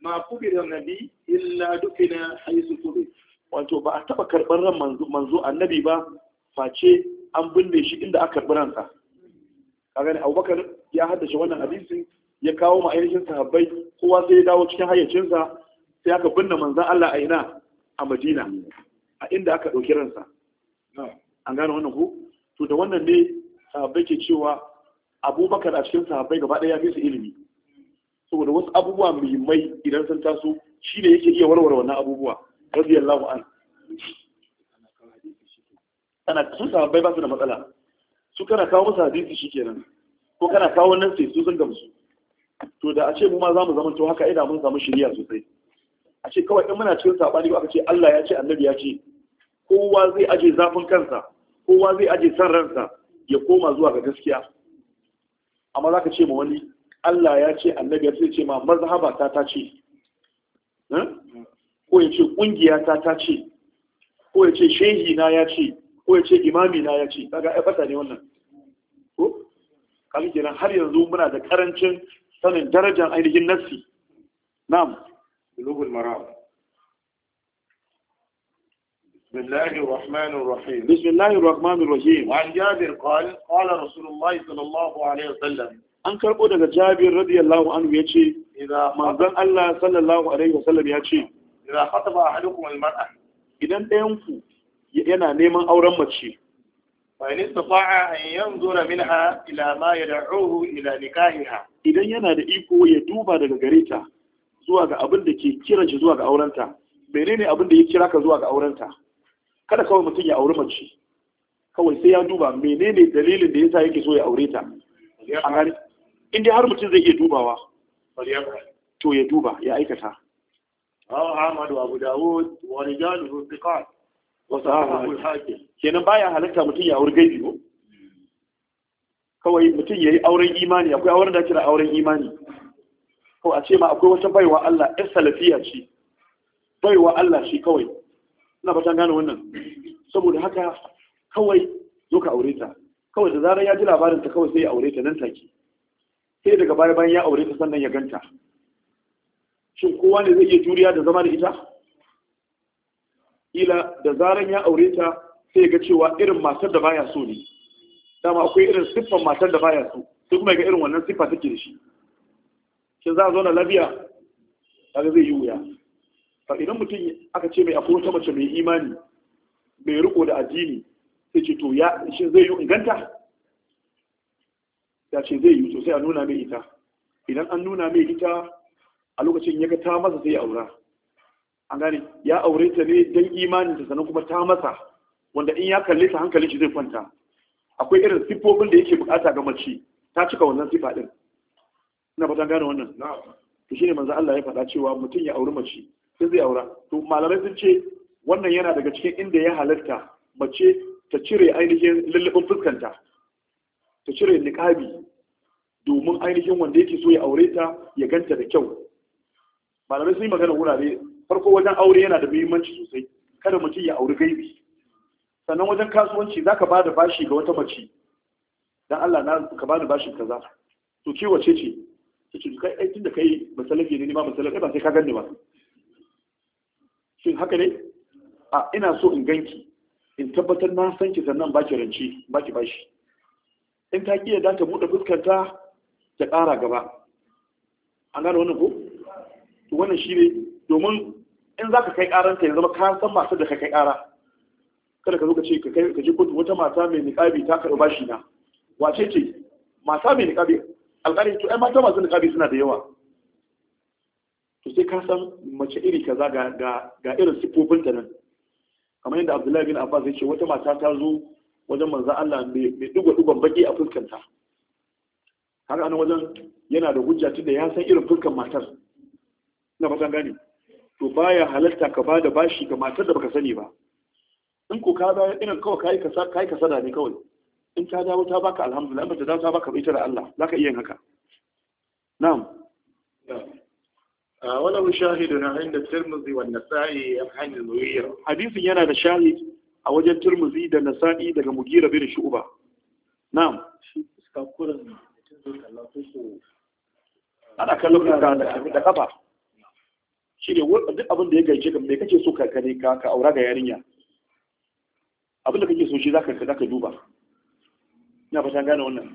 ma kubira nabi illa dukina haisu kubir wato ba a taba karɓar ran manzo annabi ba face an binne shi inda aka karɓi ransa kaga ne abubakar ya haddace wannan hadisi ya kawo ma ainihin sahabbai kowa sai ya dawo cikin hayyacinsa sai aka binne manzon Allah a ina a Madina a inda aka ɗauki ransa an gane wannan ko to da wannan ne sahabbai ke cewa abubakar a cikin sahabbai gaba ɗaya ya fi su ilimi saboda wasu abubuwa muhimmai idan sun taso shi ne yake iya warware wannan abubuwa radiyallahu an ana su sahabbai ba su da matsala su kana kawo musu hadisi shi kenan ko kana kawo nan sai su zanga musu. to da a ce mu ma za mu zama to haka ina mun samu shiriya sosai a ce kawai in muna cikin sabani ba aka ce Allah ya ce annabi ya ce kowa zai aje zafin kansa kowa zai aje san ransa ya koma zuwa ga gaskiya amma za ka ce ma wani Allah ya ce annabi sai ce ma mazhaba ta ta ce hmm? ko ya ce kungiya ta ta ce ko ya ce shehi na ya ce ko ya ce imami na ya ce daga ai fata ne wannan ko kaga har yanzu muna da karancin sanin darajar ainihin nassi na'am bulugul بسم الله الرحمن الرحيم بسم الله الرحمن الرحيم وعن جابر قال قال رسول الله صلى الله عليه وسلم an karbo daga jabir radiyallahu anhu ya ce manzon Allah sallallahu alaihi wasallam ya ce idan khataba ahadukum almar'a idan ɗayan ku yana neman auren mace fa in istata'a an yanzura minha ila ma yad'uhu ila nikahiha idan yana da iko ya duba daga gare ta zuwa ga abin da ke kira shi zuwa ga aurenta menene abin da ya kira ka zuwa ga aurenta kada kawai mutum ya auri mace kawai sai ya duba menene dalilin da yasa yake so ya aure ta a gani in dai har mutum zai iya dubawa to ya duba ya aikata Ahmad Abu Dawud wa thiqat wa al-hakim kenan baya halatta mutum ya aure gaibi ko kawai mutum yayi auren imani akwai auren da kira auren imani ko a ce ma akwai wata baiwa Allah ɗan salafiya ce baiwa Allah shi kawai ina ba gane wannan saboda haka kawai zo ka aure ta kawai da zarar ya ji labarin ta kawai sai ya aure ta nan take sai daga baya bayan ya aure ta sannan ya ganta shin kowa ne zai iya juriya da zama da ita ila da zarar ya aure ta sai ga cewa irin matar da baya so ne dama akwai irin siffan matar da baya so sai kuma ga irin wannan siffa take da shi shin za a zauna lafiya kaga zai yi wuya idan mutum aka ce mai akwai wata mace mai imani mai riko da addini sai ce to ya shi zai yi inganta ya ce zai yi to sai a nuna mai ita idan an nuna mai ita a lokacin ya ga ta masa sai ya aura an gane ya aure ta ne don imanin ta sannan kuma ta masa wanda in ya kalle ta hankalin shi zai kwanta akwai irin sifofin da yake bukata ga mace ta cika wannan sifa din ina fatan gane wannan Na'am. to shine manzo Allah ya faɗa cewa mutum ya auri mace sai zai aura to malamai sun ce wannan yana daga cikin inda ya halatta mace ta cire ainihin lullubin fuskanta ta cire niqabi domin ainihin wanda yake so ya aure ta ya ganta da kyau malamai sun yi magana wurare farko wajen aure yana da muhimmanci sosai kada mace ya auri gaibi sannan wajen kasuwanci zaka ba da bashi ga wata mace dan Allah na ka ba da bashin kaza to ke wace ce ta ce kai aikin da kai masalafi ne ni ma masalafi ba sai ka ganni ba shin haka ne a ina so in ganki in tabbatar na san ki sannan baki ranci baki bashi in ta ki da ta buɗe fuskarta ta ƙara gaba an gane wannan ko to wannan shi ne domin in za ka kai ƙaranta ya zama ka san masu da ka kai ƙara kada ka zo ka ce ka kai ka je kotu wata mata mai niƙabi ta karɓi bashi na wace ce mata mai niƙabi alƙali to ai mata masu niƙabi suna da yawa to sai ka san mace iri kaza ga ga irin sifofin ta nan kamar yadda Abdullahi bin Abbas ce wata mata ta zo wajen manzo Allah mai dugo dugon baki a fuskanta haka ana wajen yana da hujja tunda ya san irin fuskan matar ina fasan gani. to baya halatta ka bada bashi ga matar da baka sani ba in ko ka bayar irin kawai ka yi ka sada ne kawai in ta dawo ta baka alhamdulillah in ba ta dawo ta baka bai ta da Allah za ka iya yin haka na'am ولو شاهد عند الترمذي والنسائي عن المغيرة حديث ينا ده شاهد a الترمذي turmuzi da nasa'i مغيرة mugira bin نعم ana kallon fuska da kafa shi ne duk abin da ya gaishe ka mai kake so ka kare ka ka aura ga yarinya abin da kake so shi zaka zaka duba ina ba ta gane wannan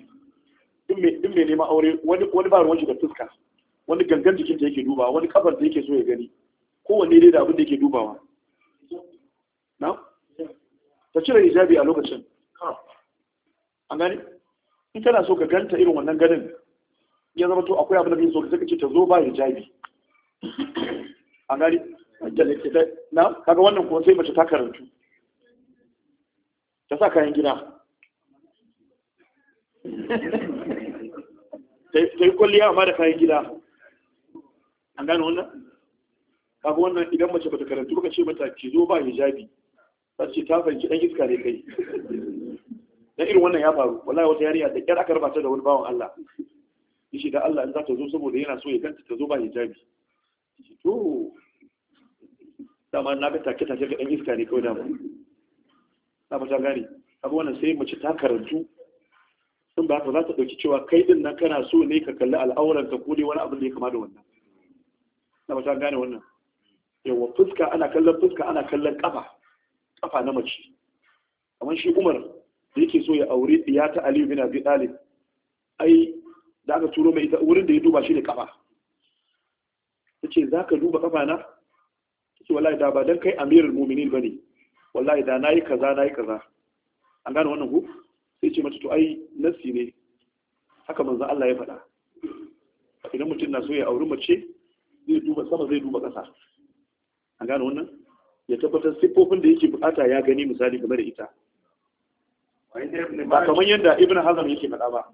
duk mai neman aure wani wani ba ruwan shi da fuska wani gangan jikinta yake dubawa wani kafar da yake so ya gani kowanne dai da abin da yake dubawa na ta cire hijabi a lokacin an gani in tana so ka ganta irin wannan ganin ya zama to akwai abin da kake so ka ce ta zo ba hijabi an gani na kaga wannan kuma sai mace ta karantu ta sa kayan gida ta yi kwalliya amma da kayan gida an gane wannan kaga wannan idan mace bata karatu ba ce mata ki zo ba hijabi ta ce ta fahimci dan iska ne kai dan irin wannan ya faru wallahi wata yarinya da kyar aka rubata da wani bawan Allah yace da Allah in za ta zo saboda yana so ya kanta ta zo ba hijabi to dama na ga take take dan iska ne kai dama na ta gane kaga wannan sai mace ta karantu sun ba ta za ta dauki cewa kai din nan kana so ne ka kalli ka, ko dai wani abu ne kama da wannan na ba ta gane wannan yawa fuska ana kallon fuska ana kallon kafa kafa na mace kamar shi umar da yake so ya aure ya ta aliyu bin abi talib ai da aka turo mai ita wurin da ya duba shi da kafa yace zaka duba kafa na yace wallahi da ba dan kai amirul mu'minin bane wallahi da nayi kaza nayi kaza an gane wannan ku sai ce mata to ai nasi ne haka manzo Allah ya faɗa idan mutum na so ya auri mace zai duba sama zai duba ƙasa an gane wannan ya tabbatar siffofin da yake bukata ya gani misali game da ita ba kamar yadda ibn hazam yake faɗa ba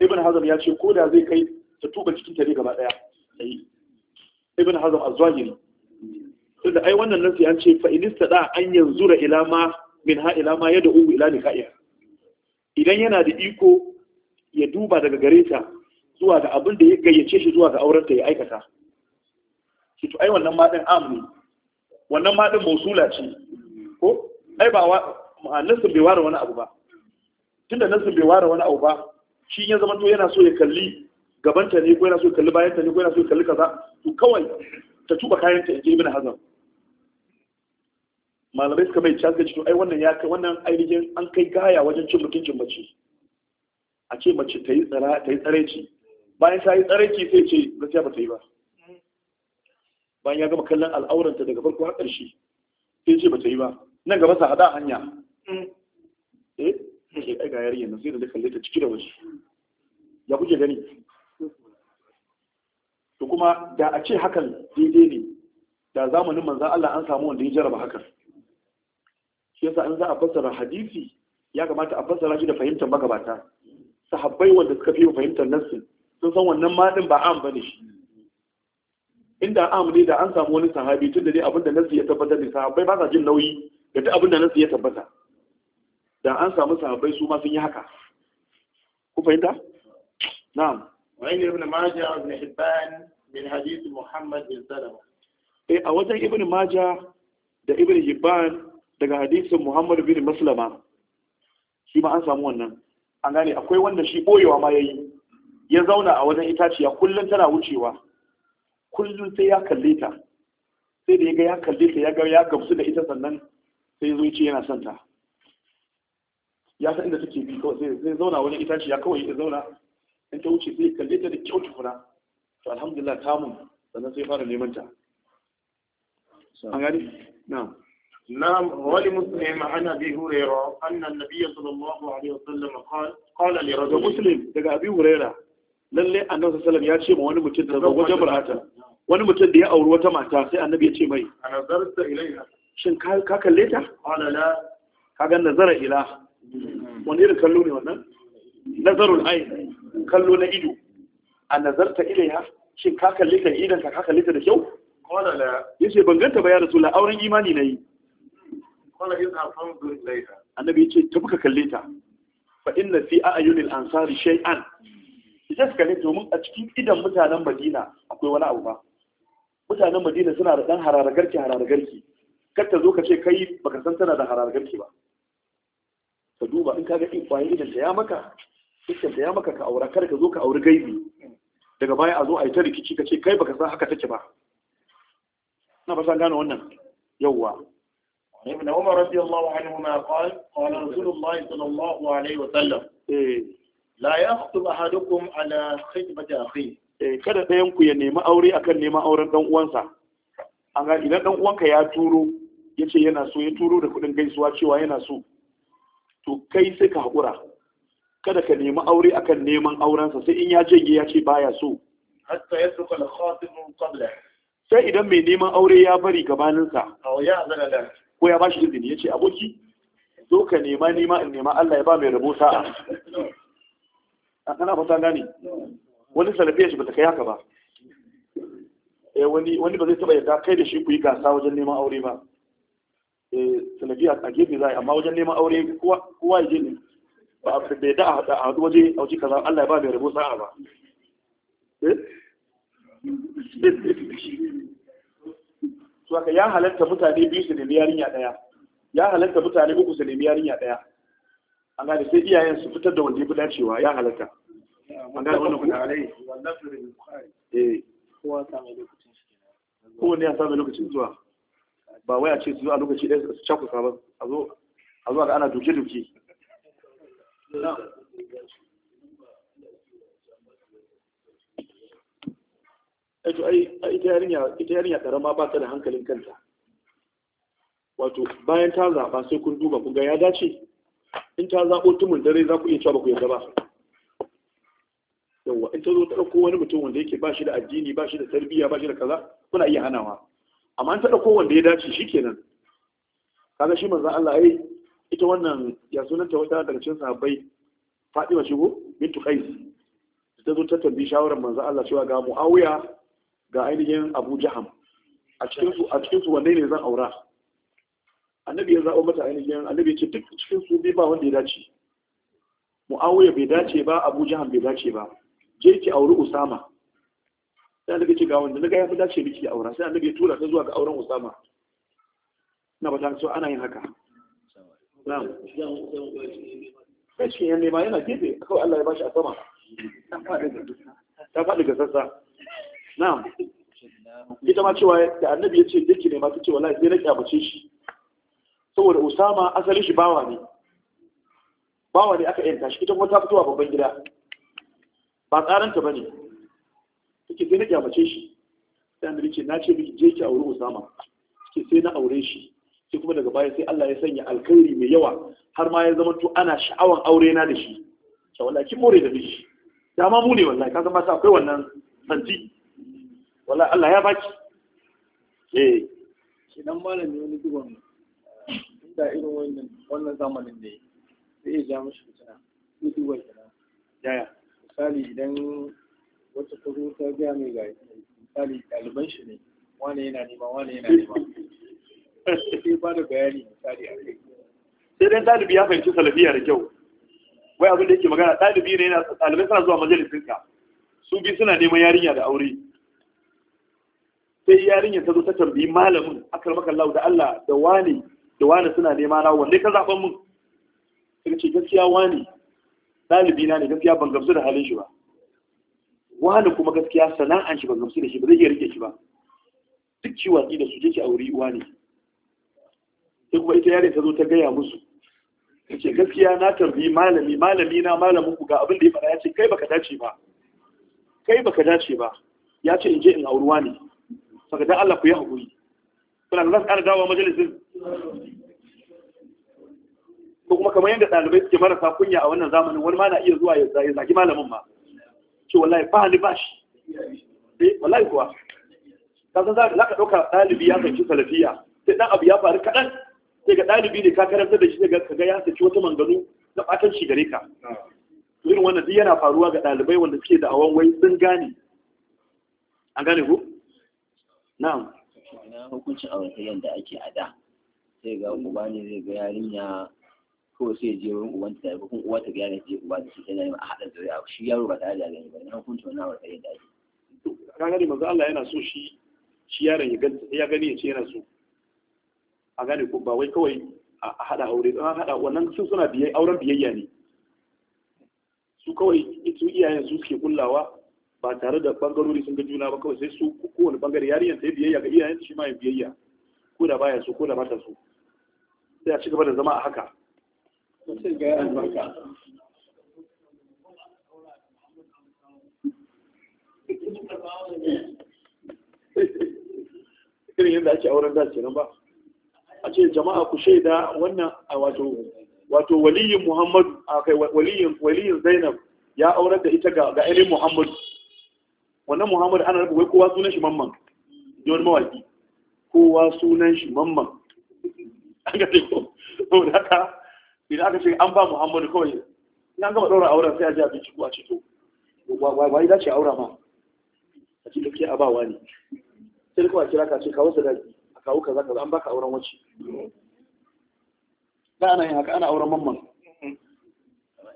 ibn hazam ya ce ko da zai kai ta tuba cikin tare gaba ɗaya ibn hazam azwajiri zahiri tunda ai wannan sai an ce fa inista da an yanzu ra ila ma min ha ila ma yad'u ila nika'iha idan yana da iko ya duba daga gare ta zuwa ga abin da ya gayyace shi zuwa ga ta ya aikata ki to ai wannan ma din wannan ma din mausula ce ko ai ba wa nasu bai ware wani abu ba tunda nasu bai ware wani abu ba shi ya zama to yana so ya kalli gabanta ne ko yana so ya kalli ta ne ko yana so ya kalli kaza to kawai ta tuba kayan ta inji ibn hazan malamai suka mai cas gaci to ai wannan ya kai wannan ainihin an kai gaya wajen cin mutuncin mace a ce mace ta yi tsara ta yi tsareci bayan ta yi tsareci sai ce gaskiya ba ta yi ba bayan ya gama kallon al'auranta daga farko har ƙarshe sai ce bata yi ba nan gaba sa hada hanya mm. eh sai ai ga yarinya sai da kalle ta ciki da waje ya kuke gani to kuma da a ce hakan daidai ne da zamanin manzan Allah an samu wanda ya jaraba hakan shi yasa an za a fassara hadisi ya kamata a fassara shi da fahimtar magabata sahabbai wanda suka fi fahimtar nassin sun san wannan ma din ba an bane shi inda am ne da an samu wani sahabi tun da ne abin da nasu ya tabbatar da sahabai ba sa jin nauyi da duk abin da nasu ya tabbata da an samu sahabai su ma sun yi haka ku fahimta na'am wa ibn maja ibn hibban min hadith muhammad bin salama eh a wajen ibn Maja da ibn hibban daga hadisin muhammad bin maslama shi ma an samu wannan an gane akwai wanda shi boyewa ma yayi ya zauna a wajen itaciya kullum tana wucewa kullum sai ya kalle ta sai da ya ga ya kalle ta ya ga ya gamsu da ita sannan sai zo ce yana son ta ya san inda take bi kawai sai zauna wani itaci ya kawai ya zauna in ta wuce sai kalle ta da kyau tukuna to alhamdulillah ta mun sannan sai fara neman ta an gani na'am نعم ولمسلم عن ابي هريره ان النبي صلى الله عليه وسلم قال قال لرجل مسلم daga abi huraira lalle annabi صلى الله عليه ya ce ma wani mutum daga wajen wani mutum da ya auri wata mata sai annabi ya ce mai a nazarta ilaiha shin ka kalle ta alala kaga nazara ila wani irin kallo ne wannan nazarul ayn kallo na ido a nazar ta ilaiha shin ka kalle ta idan ka kalle ta da kyau alala yace ban ganta ba ya rasulullah auren imani nayi alala in afan ilaiha annabi ya ce tafi ka kalle ta fa inna fi a'yunil ansari shay'an idan ka kalle domin a cikin idan mutanen Madina akwai wani abu ba mutanen madina suna da dan hararagarki hararagarki kar ta zo ka ce kai baka san tana da hararagarki ba ka duba in kaga in kwayi idan ta ya maka idan ta ya maka ka aura kar ka zo ka auri gaibi daga baya a zo a yi ta rikici ka ce kai baka san haka take ba na fasa gane wannan yawwa ابن عمر رضي الله عنهما قال قال رسول الله صلى الله عليه وسلم لا يخطب أحدكم على خطبة أخيه Eh, kada ɗayan ku ya nemi aure akan neman auren dan uwansa an ga idan dan uwanka ya turo ya ce yana so ya turo da kuɗin gaisuwa cewa yana so to kai sai ka haƙura kada ka nemi aure akan neman aurensa sai in ya janye ya ce baya so hatta yasruka al-khatibu qabla sai idan mai neman aure ya bari gabaninsa ko ya bashi izini ya ce aboki zo ka nema nema in nema Allah ya ba mai rabo sa'a ana fata gani wani salafiya shi bata kai haka ba eh, wani ba zai taba yadda kai da shi ku yi gasa wajen neman aure ba eh, salafiya a gefe za amma wajen neman aure kowa ya je ne ba a bai da a haɗu waje a waje kaza Allah ya ba mai rabo sa'a ba eh? su ya halatta mutane biyu su nemi yarinya ɗaya ya halatta mutane uku su nemi yarinya ɗaya an gane sai iyayen su fitar da wanda ya fi dacewa ya halatta kowane eh. kowanne ya samu lokacin zuwa ba waya ce zuwa lokaci ɗaya su cakusa ba a zuwa ga ana duke-duke Aito eh ita yarinya ƙarama ba ta da hankalin kanta. Wato bayan ta zaɓa sai kun duba kun ga ya dace in ta zaɓo tumul dare za ku iya cewa ba ku yarda ba. yawa in ta zo ta ɗauko wani mutum wanda yake ba shi da addini ba shi da tarbiyya ba shi da kaza kuna iya hanawa amma in ta ɗauko wanda ya dace shi kenan kaga shi manzan Allah ai ita wannan ya sunanta wata daga cikin sahabbai Fatima shigo bintu Qais ta zo ta tambayi shawarar manzan Allah cewa ga Muawiya ga ainihin Abu Jaham a cikin su a cikin su wanne ne zan aura annabi ya zabo mata ainihin annabi ya ce duk cikin su bai ba wanda ya dace Muawiya bai dace ba Abu Jaham bai dace ba je ki auri usama sai annabi ce ga wanda naga ya fi dace miki ya aura sai annabi ya tura ta zuwa ga auren usama na ba so ana yin haka na'am sai shi yan nema yana gefe kawai Allah ya bashi a sama ta faɗi ga sassa na'am ita ma cewa da annabi ya ce yake nema ta ce wallahi sai na kyamace shi saboda usama asali shi bawa ne bawa ne aka yanta shi ita kuma ta fitowa babban gida ba tsaranta ba ne Suke sai na kyamace shi sai annabi ce na ce miki je ki auri Usama Suke sai na aure shi sai kuma daga baya sai Allah ya sanya alkhairi mai yawa har ma ya zama to ana sha'awan aure na da shi ta wallahi kin more da miji dama mu ne wallahi ka zama ta akwai wannan santi wallahi Allah ya baki eh idan malami wani duban da irin wannan wannan zamanin ne sai ya ja mishi fitina sai duba misali idan wata ta ta gaya mai ga misali ɗaliban shi ne wane yana nema wane yana nema sai ba da bayani misali a kai sai dai ɗalibi ya fahimci salafiya da kyau wai abin da yake magana ɗalibi ne yana ɗalibai suna zuwa majalisinka su bi suna neman yarinya da aure sai yarinya ta zo ta tambayi malamin akal lau da Allah da wane da wane suna nema na wanne ka zaɓa mun sai ce gaskiya wane ɗalibi na ne gaskiya ban gamsu da halin shi ba wani kuma gaskiya sana'an shi ban gamsu da shi ba zai iya rike shi ba duk ciwon da su je ki aure uwa ne sai kuma ita yare ta zo ta gaya musu ce gaskiya na tarbi malami malami na malamin ku ga abin da ya fara ya ce kai baka dace ba kai baka dace ba ya ce in je in auruwa ne saka dan Allah ku yi hakuri kuna da za su ƙara dawowa majalisin ko kuma kamar yadda ɗalibai suke marasa kunya a wannan zamanin wani ma na iya zuwa ya zagi malamin ma ce wallahi ba ni ba shi eh, wallahi kuwa ka san za ka ɗauka ɗalibi ya sanci salafiya sai ɗan abu ya faru kaɗan sai ga ɗalibi ne ka karanta da shi ga kaga ya sanci wata manganu na ɓatan shi gare ka irin wannan duk yana faruwa ga ɗalibai wanda suke da awon wai sun gane an gane ku na'am hukuncin auren da ake a da sai ga uba zai ga yarinya kawai sai ya je wurin uban ta yayi kun uwa ta ga ne je uba da shi yana a hada zuriya shi yaro ba tare da gani ba nan kun tona wa kai da shi kaga ne manzo Allah yana so shi shi yaron ya gani ya ce yana so a gane ko ba wai kawai a hada aure don hada wannan sun suna biye auren biyayya ne su kawai su iyayen su suke kullawa ba tare da bangarori sun ga juna ba kawai sai su kowane bangare yarinyar sai biyayya ga iyayen shi ma ya biyayya ko da baya so ko da ba ta so sai a ci gaba da zama a haka mutum ga albarka irin yadda ake auren da nan ba a ce jama'a ku shaida wannan a wato wato waliyin muhammadu a kai waliyin waliyin zainab ya aurar da ita ga ainihin muhammadu wannan muhammadu ana rubuwa kowa sunan shi mamman yawan mawaki kowa sunan shi mamman an ga teku saboda idan aka ce an ba muhammadu kawai ina gama ɗaura auren sai a ji abinci a ce to wai za ce aura ma a ce duk a bawa ne sai da kawai kira ka ce kawo sadaki a kawo kaza kaza an baka auren wacce ba ana yin haka ana auren mamman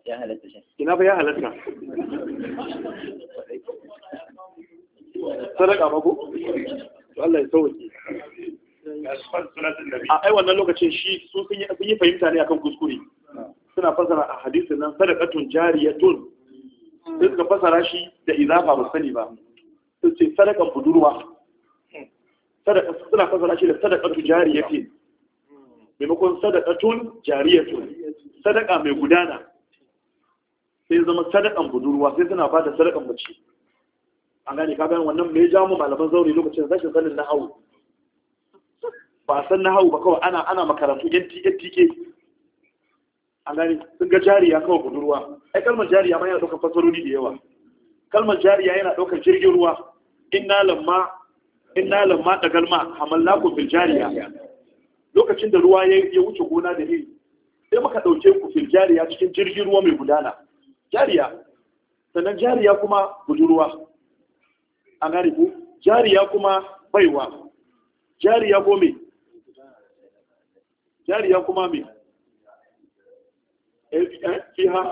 ya halatta shi ina ba ya halatta sadaka mako ko to Allah ya sauke a ai wannan lokacin shi sun yi fahimta ne akan kuskure suna fasara a hadisin nan sadaqatun jariyatun sai suka fasara shi da izafa ba sani ba sun ce sadakan budurwa suna fasara shi da sadaqatun jariyatun maimakon sadaqatun jariyatun sadaka mai gudana sai zama sadakan budurwa sai suna ba sadakan mace an gane ka gane wannan mai jamu malaman zaure lokacin rashin sanin na hawu ba san na hau ba kawai ana ana makarantu yan tike A gani sun ga jariya kawai budurwa ai kalmar jariya ma yana ɗaukar fasaroni da yawa kalmar jariya yana ɗaukar jirgin ruwa inna lamma inna lamma dagalma hamallaku fil jariya lokacin da ruwa ya wuce gona da ni, sai muka ɗauke ku fil jariya cikin jirgin ruwa mai gudana jariya sannan jariya kuma budurwa A gani ku jariya kuma baiwa jariya gome jariya kuma mai eh, eh, fiha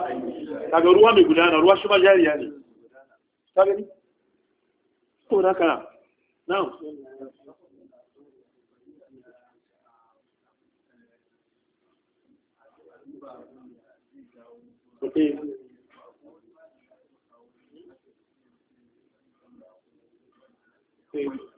daga ruwa mai gudana ruwa shi ma jariya ne ta gani ko da kana na'am Okay. Okay.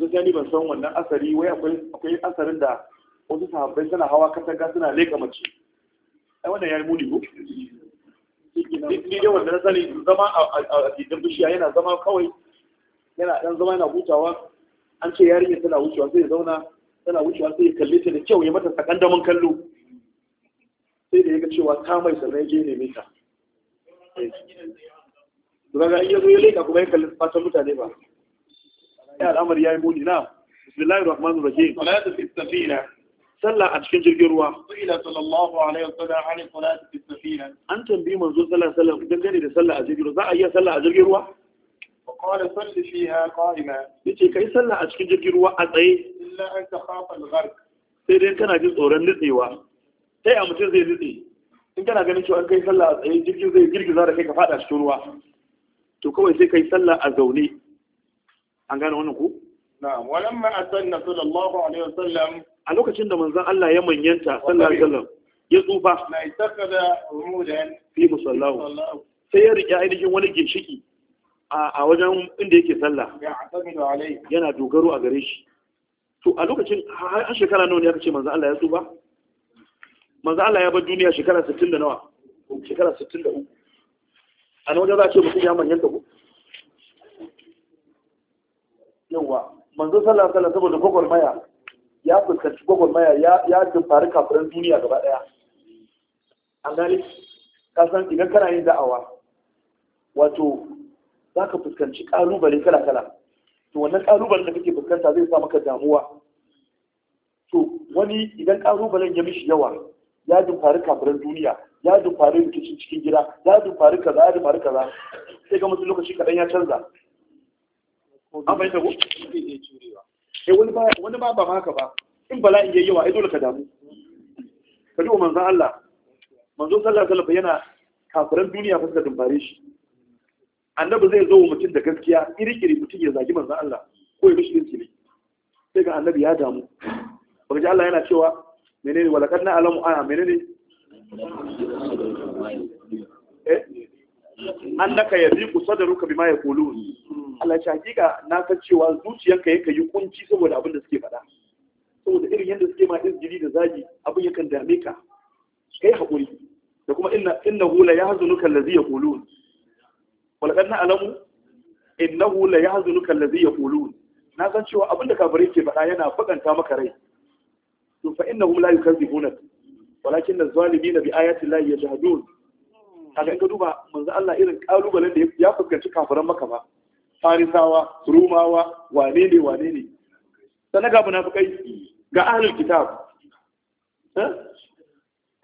gaskiya ni ban san wannan asari wai akwai asarin da wasu sahabbai suna hawa katanga suna leƙa mace ai wannan yayi muni ko ni dai wannan sani zama a gidan bishiya yana zama kawai yana dan zama yana hutawa an ce yarinya tana wucewa sai ya zauna tana wucewa sai ya kalle ta da kyau ya mata sakandamin kallo sai da ya ga cewa ta mai sannan je mai ta. Eh. Daga ga iya zo ya leƙa kuma ya kalli fatan mutane ba. sai al'amari ya yi muni na bismillahir rahmanir rahim salatu fi safina sallah a cikin jirgin ruwa ila sallallahu alaihi wasallam an salatu fi safina an tambayi manzo sallallahu alaihi wasallam dangane da sallah a jirgin ruwa za a iya sallah a jirgin ruwa وقال صل فيها قائما yace kai sallah a cikin jirgin ruwa a tsaye illa an takhafa al-gharq sai dai kana jin tsoron nutsewa sai a mutum zai nutse in kana ganin cewa kai sallah a tsaye jirgin zai girgiza da kai ka fada cikin ruwa to kawai sai kai sallah a zaune an gane wannan ku na'am walamma asanna sallallahu alaihi wasallam a lokacin da manzon Allah ya manyanta sallallahu alaihi wasallam ya tsufa na ittakhadha umudan fi musallahu sai ya riƙe ainihin wani ginshiki a wajen inda yake sallah yana dogaro a gare shi to a lokacin har shekara nawa ne aka ce manzon Allah ya tsufa manzon Allah ya bar duniya shekara 60 da nawa shekara 63 a nan wajen za a ce mutum ya manyanta ku? yawa manzo sallallahu alaihi saboda gwagwarmaya ya fuskanci gwagwarmaya ya ya fara kafiran duniya gaba daya an gani ka san idan kana yin da'awa wato za ka fuskanci kalubale kala kala to wannan kalubalen da kake fuskanta zai sa maka damuwa to wani idan kalubalen ya mishi yawa ya dumfari kafiran duniya ya dumfari rikicin cikin gida ya dumfari kaza ya dumfari kaza sai ga mutum lokaci kaɗan ya canza an fahimta ko eh wani ba wani ba ba haka ba in bala'in yayi yawa ai dole ka damu ka ji manzon Allah manzon sallallahu alaihi yana kafiran duniya fa suka dumbare shi annabi zai zo mutum da gaskiya iri-iri mutum ya zagi manzon Allah ko ya mishi iskili sai ga annabi ya damu baka ji Allah yana cewa menene walaqad na alamu ana menene eh annaka yadhiqu sadruka bima yaqulun Allah ya hakika na san cewa zuciyanka yake yi kunci saboda abin da suke faɗa saboda irin yadda suke ma izgiri da zagi abin yakan dame ka kai hakuri da kuma inna innahu la yahzunuka allazi yaqulun wal na na'lamu innahu la yahzunuka allazi yaqulun na san cewa abin da kafirai ke faɗa yana bakanta maka rai to fa innahum la yukazzibunaka walakin az-zalimina bi ayati llahi yajhadun kaga ga ka duba manzo Allah irin kalubalen da ya fuskanci kafiran maka ba farisawa rumawa wane ne wane ne sana ga munafikai ga ahlul kitab eh?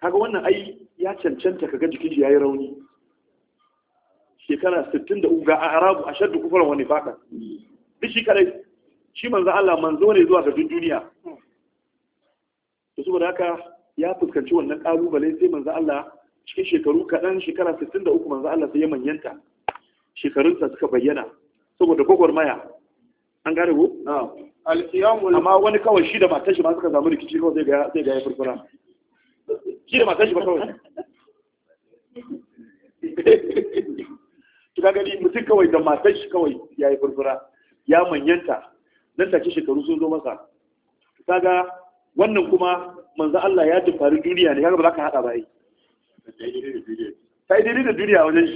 kaga wannan ai ya cancanta kaga jikin shi yayi rauni shekara 63 ga arabu ashaddu kufran wa nifaqa duk shi kare shi manzo Allah manzo ne zuwa ga duniya to saboda haka ya fuskanci wannan kalubale sai manzo Allah cikin shekaru kaɗan shekara 63 manzo Allah sai ya manyanta shekarunsa suka bayyana saboda gwagwarmaya an gane ko alkiyamul amma wani kawai shi da matar shi ma suka samu rikici kawai zai ga ya furfura shi da matar shi ba kawai kika gani mutum kawai da matar shi kawai ya yi furfura ya manyanta nan take shekaru sun zo masa kaga wannan kuma manzo Allah ya tufari duniya ne kaga ba za ka hada ba yi sai dai da duniya wajen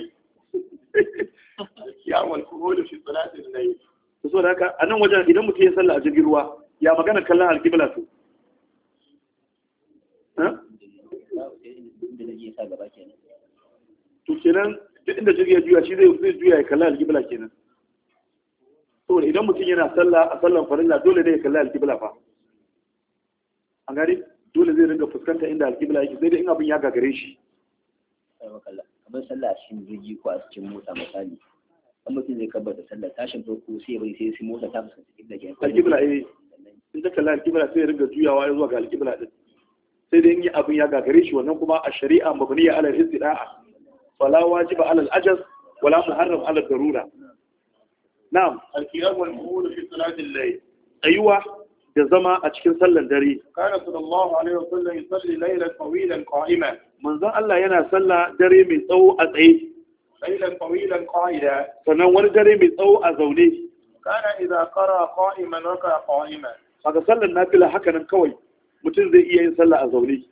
shi ya walkuhu da shi salatin na yi so da haka a nan wajen idan mutum ya sallah a jirgin ruwa ya magana kallon alkibla to to kenan duk inda jirgin ya juya shi zai juya ya kalla alkibla kenan saboda idan mutum yana sallah a sallan farilla dole ne ya kalla alkibla fa an gari dole zai ringa fuskanta inda alkibla yake zai da in abin ya gagare shi kamar sallah cikin jirgi ko a cikin mota misali an mutum zai kabbar da sallah tashin farko sai bai sai sai mota ta fuskanci kibla ke alkibla eh in ka kalla alkibla sai ya juyawa ya zuwa ga alkibla din sai dai in yi abin ya gagare shi wannan kuma a shari'a mabniya ala istida'a wala wajiba ala al-ajaz wala muharram ala darura na'am al-qiyam wal-qu'ud fi salati al-layl ayuwa جزما أشكن صلى دري كان صلى الله عليه وسلم يصلي لك طويلة قائمة من ذا الله ينا صلى دري من أو أذي ليلة طويلة قائدة فنور دري من أو أذوني كان إذا قرأ قائما ركع قائما هذا صلى النافلة حكا كوي متنزي إيه إن صلى أذوني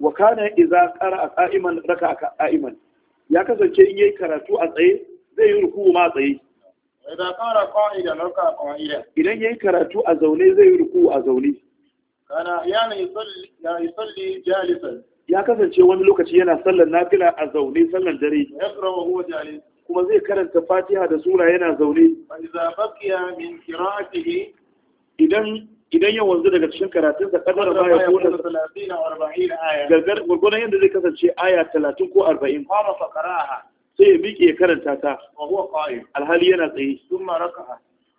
وكان إذا قرأ قائما ركع قائما يا كذا شيء يكرر تو أذي زي ركوع ما أذي Idan kara qa'ida raka qa'ida. Idan yayi karatu a zaune zai ruku a zaune. Kana yana yusalli ya yusalli Ya kasance wani lokaci yana sallar nafila a zaune sallar dare. Yaqra wa huwa jalis. Kuma zai karanta Fatiha da sura yana zaune. Fa idza baqiya min qira'atihi idan idan ya wanzu daga cikin karatun sa kadar ba ya kona gargar gurgunan yadda zai kasance aya 30 ko 40 qama fa qara'aha sai ya miƙe ya karanta ta alhali yana tsaye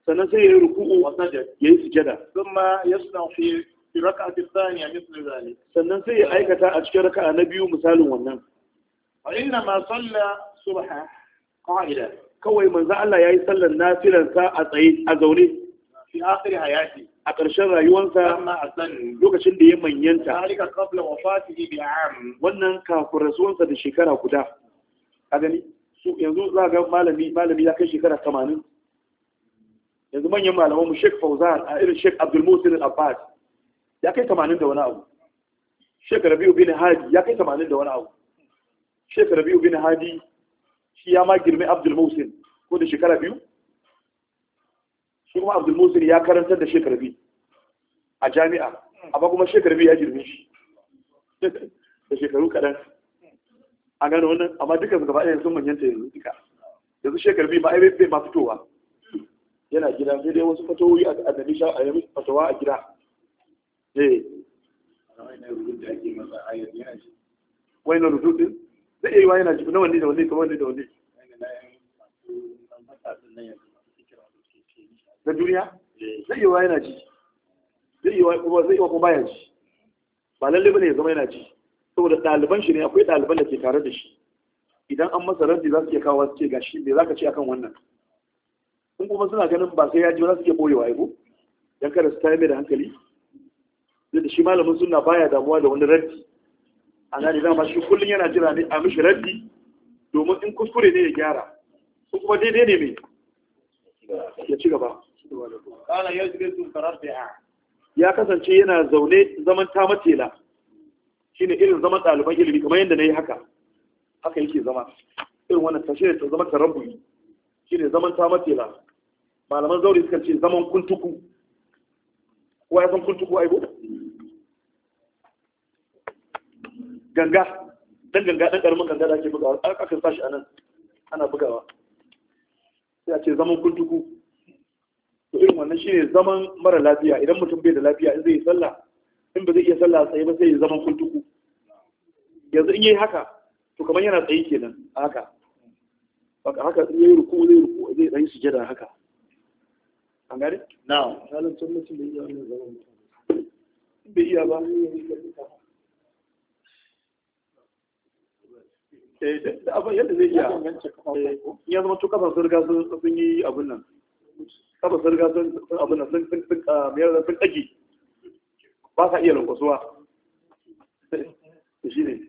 sannan sai ya yi ruku'u a ya yi sujada sannan sai ya aikata a cikin raka'a na biyu misalin wannan A فإنما صلى صبحا قائلا kawai manzo Allah yayi sallar nafilan sa a tsaye a zaune fi akhir hayati a ƙarshen rayuwarsa lokacin da ya manyanta wannan kafin rasuwansa da shekara guda ka gani su yanzu za ga malami malami ya kai shekara tamanin? yanzu manyan malaman mu Sheikh Fauzan a irin Sheikh Abdul Musin Al-Abbas ya kai tamanin da wani abu Sheikh Rabi'u bin Hadi ya kai tamanin da wani abu Sheikh Rabi'u bin Hadi shi ya ma girme Abdul Musin ko da shekara biyu shi kuma Abdul Musin ya karantar da Sheikh Rabi a jami'a amma kuma Sheikh Rabi ya girme shi da shekaru kaɗan a gane wannan amma duka su gaba sun manyanta yanzu duka yanzu shekar biyu ma ai bai ma fitowa yana gida sai dai wasu fatowi a annabi sha a yi fatowa a gida eh wai na rudu din zai iya yi wa yana jibi na wani da wanne kamar da wanne na duniya zai iya wa yana ji zai iya wa kuma baya ji ba lalle bane ya zama yana ji saboda ɗaliban shi ne akwai ɗaliban da ke tare da shi idan an masa raddi za su iya kawo ce gashi me za ka ce akan wannan in kuma suna ganin ba sai ya ji za su iya boyewa aiko dan kada su tayar da hankali zai da shi malamin suna baya damuwa da wani raddi a idan ba shi kullum yana jira ne a mishi raddi domin in kuskure ne ya gyara ko kuma daidai ne mai ya ci gaba ya kasance yana zaune zaman ta shine irin zaman ɗaliban ilimi kamar yadda na yi haka haka yake zama irin wannan ta shine ta zama Shi shine zaman ta matela malaman zauri suka ce zaman kuntuku kowa ya san kuntuku aibo ganga dan ganga dan karamin ganga da ake bugawa an aka sashi anan ana bugawa sai a ce zaman kuntuku to irin wannan shine zaman mara lafiya idan mutum bai da lafiya in zai yi sallah in ba zai iya sallah sai ba sai zaman kuntuku yanzu in yi haka to kamar yana tsaye kenan a haka baka haka in yi ruku zai ruku zai dan sujada haka an gane na'am halin can mutum bai iya zama zaman bai iya ba eh, da abin yadda zai iya ya eh, zama to kafa sun riga sun yi abin nan kafa sun riga sun abin nan sun sun sun ah, mayar sun ɗage ba sa iya lankwasuwa shi ne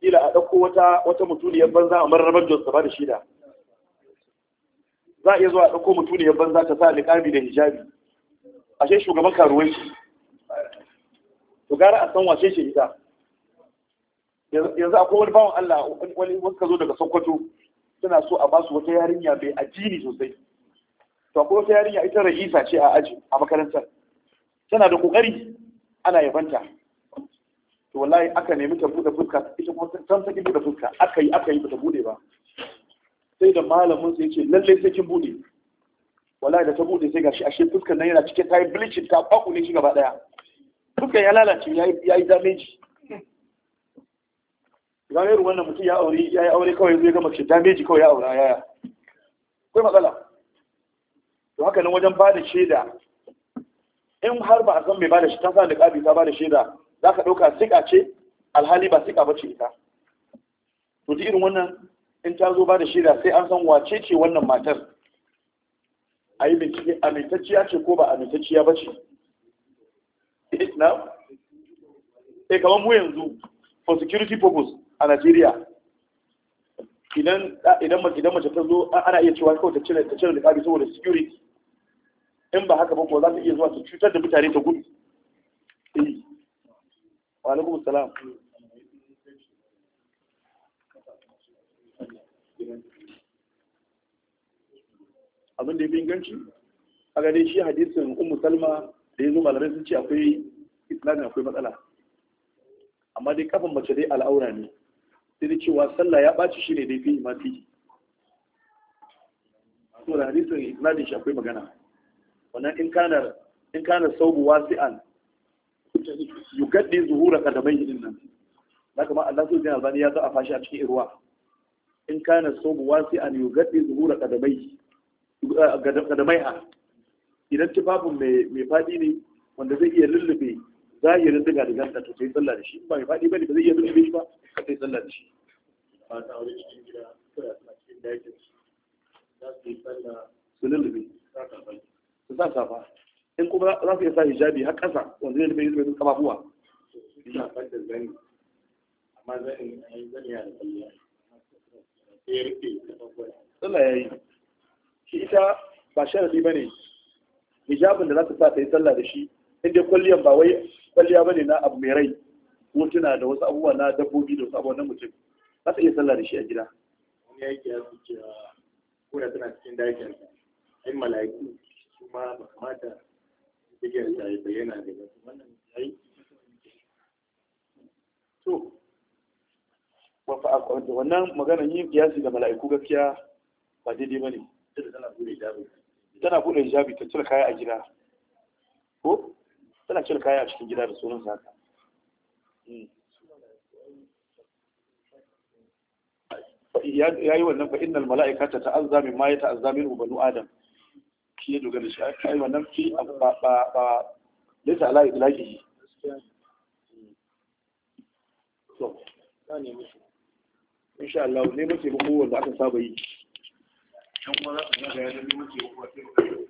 kila a ɗauko wata wata mutuniyar banza a marraban jos ta ba da shida za a iya zuwa a ɗauko mutuniyar banza ta sa niƙabi da hijabi ashe shugaban karuwanci. to gara a san wace shi ita yanzu akwai wani bawan Allah wani wasu ka zo daga Sokoto suna so a basu wata yarinya mai addini sosai to akwai wata yarinya ita ra'isa ce a aji a makarantar tana da kokari ana yabanta to wallahi aka nemi ta bude fuska ita kuma san ta bude fuska aka yi aka yi bata bude ba sai da malamin sai yace lalle sai kin bude wallahi da ta bude sai gashi ashe fuskar nan yana cike ta yi bleaching ta ne shi gaba daya fuskar ya lalace ya yi damage ga irin wannan mutum ya aure ya yi aure kawai zai gama ce damage kawai ya aura yaya kai matsala to haka nan wajen bada shaida in har ba a san mai bada shi ta sa da kabi ta bada shaida za ka ɗauka siƙa ce alhali ba siƙa ba ce ita to ji irin wannan in ta zo ba da shaida sai an san wace ce wannan matar a yi bincike amintacciya ce ko ba amintacciya ba ce na e eh, kamar mu yanzu for security purpose a Najeriya idan idan mace ta zo ana iya cewa kawai ta cire ta cire niqabi saboda security in ba haka ba ko za ta iya zuwa ta cutar da mutane ta gudu eh. salam abin da ya fi inganci a gane shi hadisun ummu salma da ya zo malamai sun ce akwai islamin akwai matsala amma dai kafin mace dai al'aura ne sai da cewa sallah ya ɓaci shi ne dai fi ma fi so da hadisun islamin shi akwai magana wannan in kana in kana saubu wasi'an yukaddi zuhura kadamai din nan haka ma Allah subhanahu wa ta'ala ya za a fashi a cikin irwa in kana sobu wasi an yukaddi zuhura kadamai eh, kadamai ha idan tufafin mai mai fadi ne wanda zai iya lullube zahirin diga da ganta to sai sallah da shi ba mai fadi bane ba zai iya lullube shi ba ka sai sallah da shi ba ta aure cikin gida ko a cikin dakin su lullube su sa safa in kuma za su iya sa hijabi har ƙasa wanda zai rufe rufe kafafuwa sallah ya yi shi ita ba sharadi ba ne hijabin da za ta sa ta yi sallah da shi inda kwalliyan ba wai kwalliya ba ne na abu mai rai hotuna da wasu abubuwa na dabbobi da wasu abubuwa na mutum za ta iya sallah da shi a gida wani yaki ya su cewa kuna tana cikin dakin ai mala'iku su ba kamata cikin wannan to wannan magana yin kiyasi da mala'iku gaskiya ba daidai ba ne tana buɗe jabi ta cire kaya a gida ko tana cire kaya a cikin gida da sunan saka hmm. ya yi wannan fa innal mala'ikata ta'azza min ma ya ta'azza min banu adam ke dogara shi aka yi wannan fi ba ba ba da ta ala ilahi to ne musu insha Allah ne muke ba kowanne aka saba yi dan kuma za ka ga yayin muke ba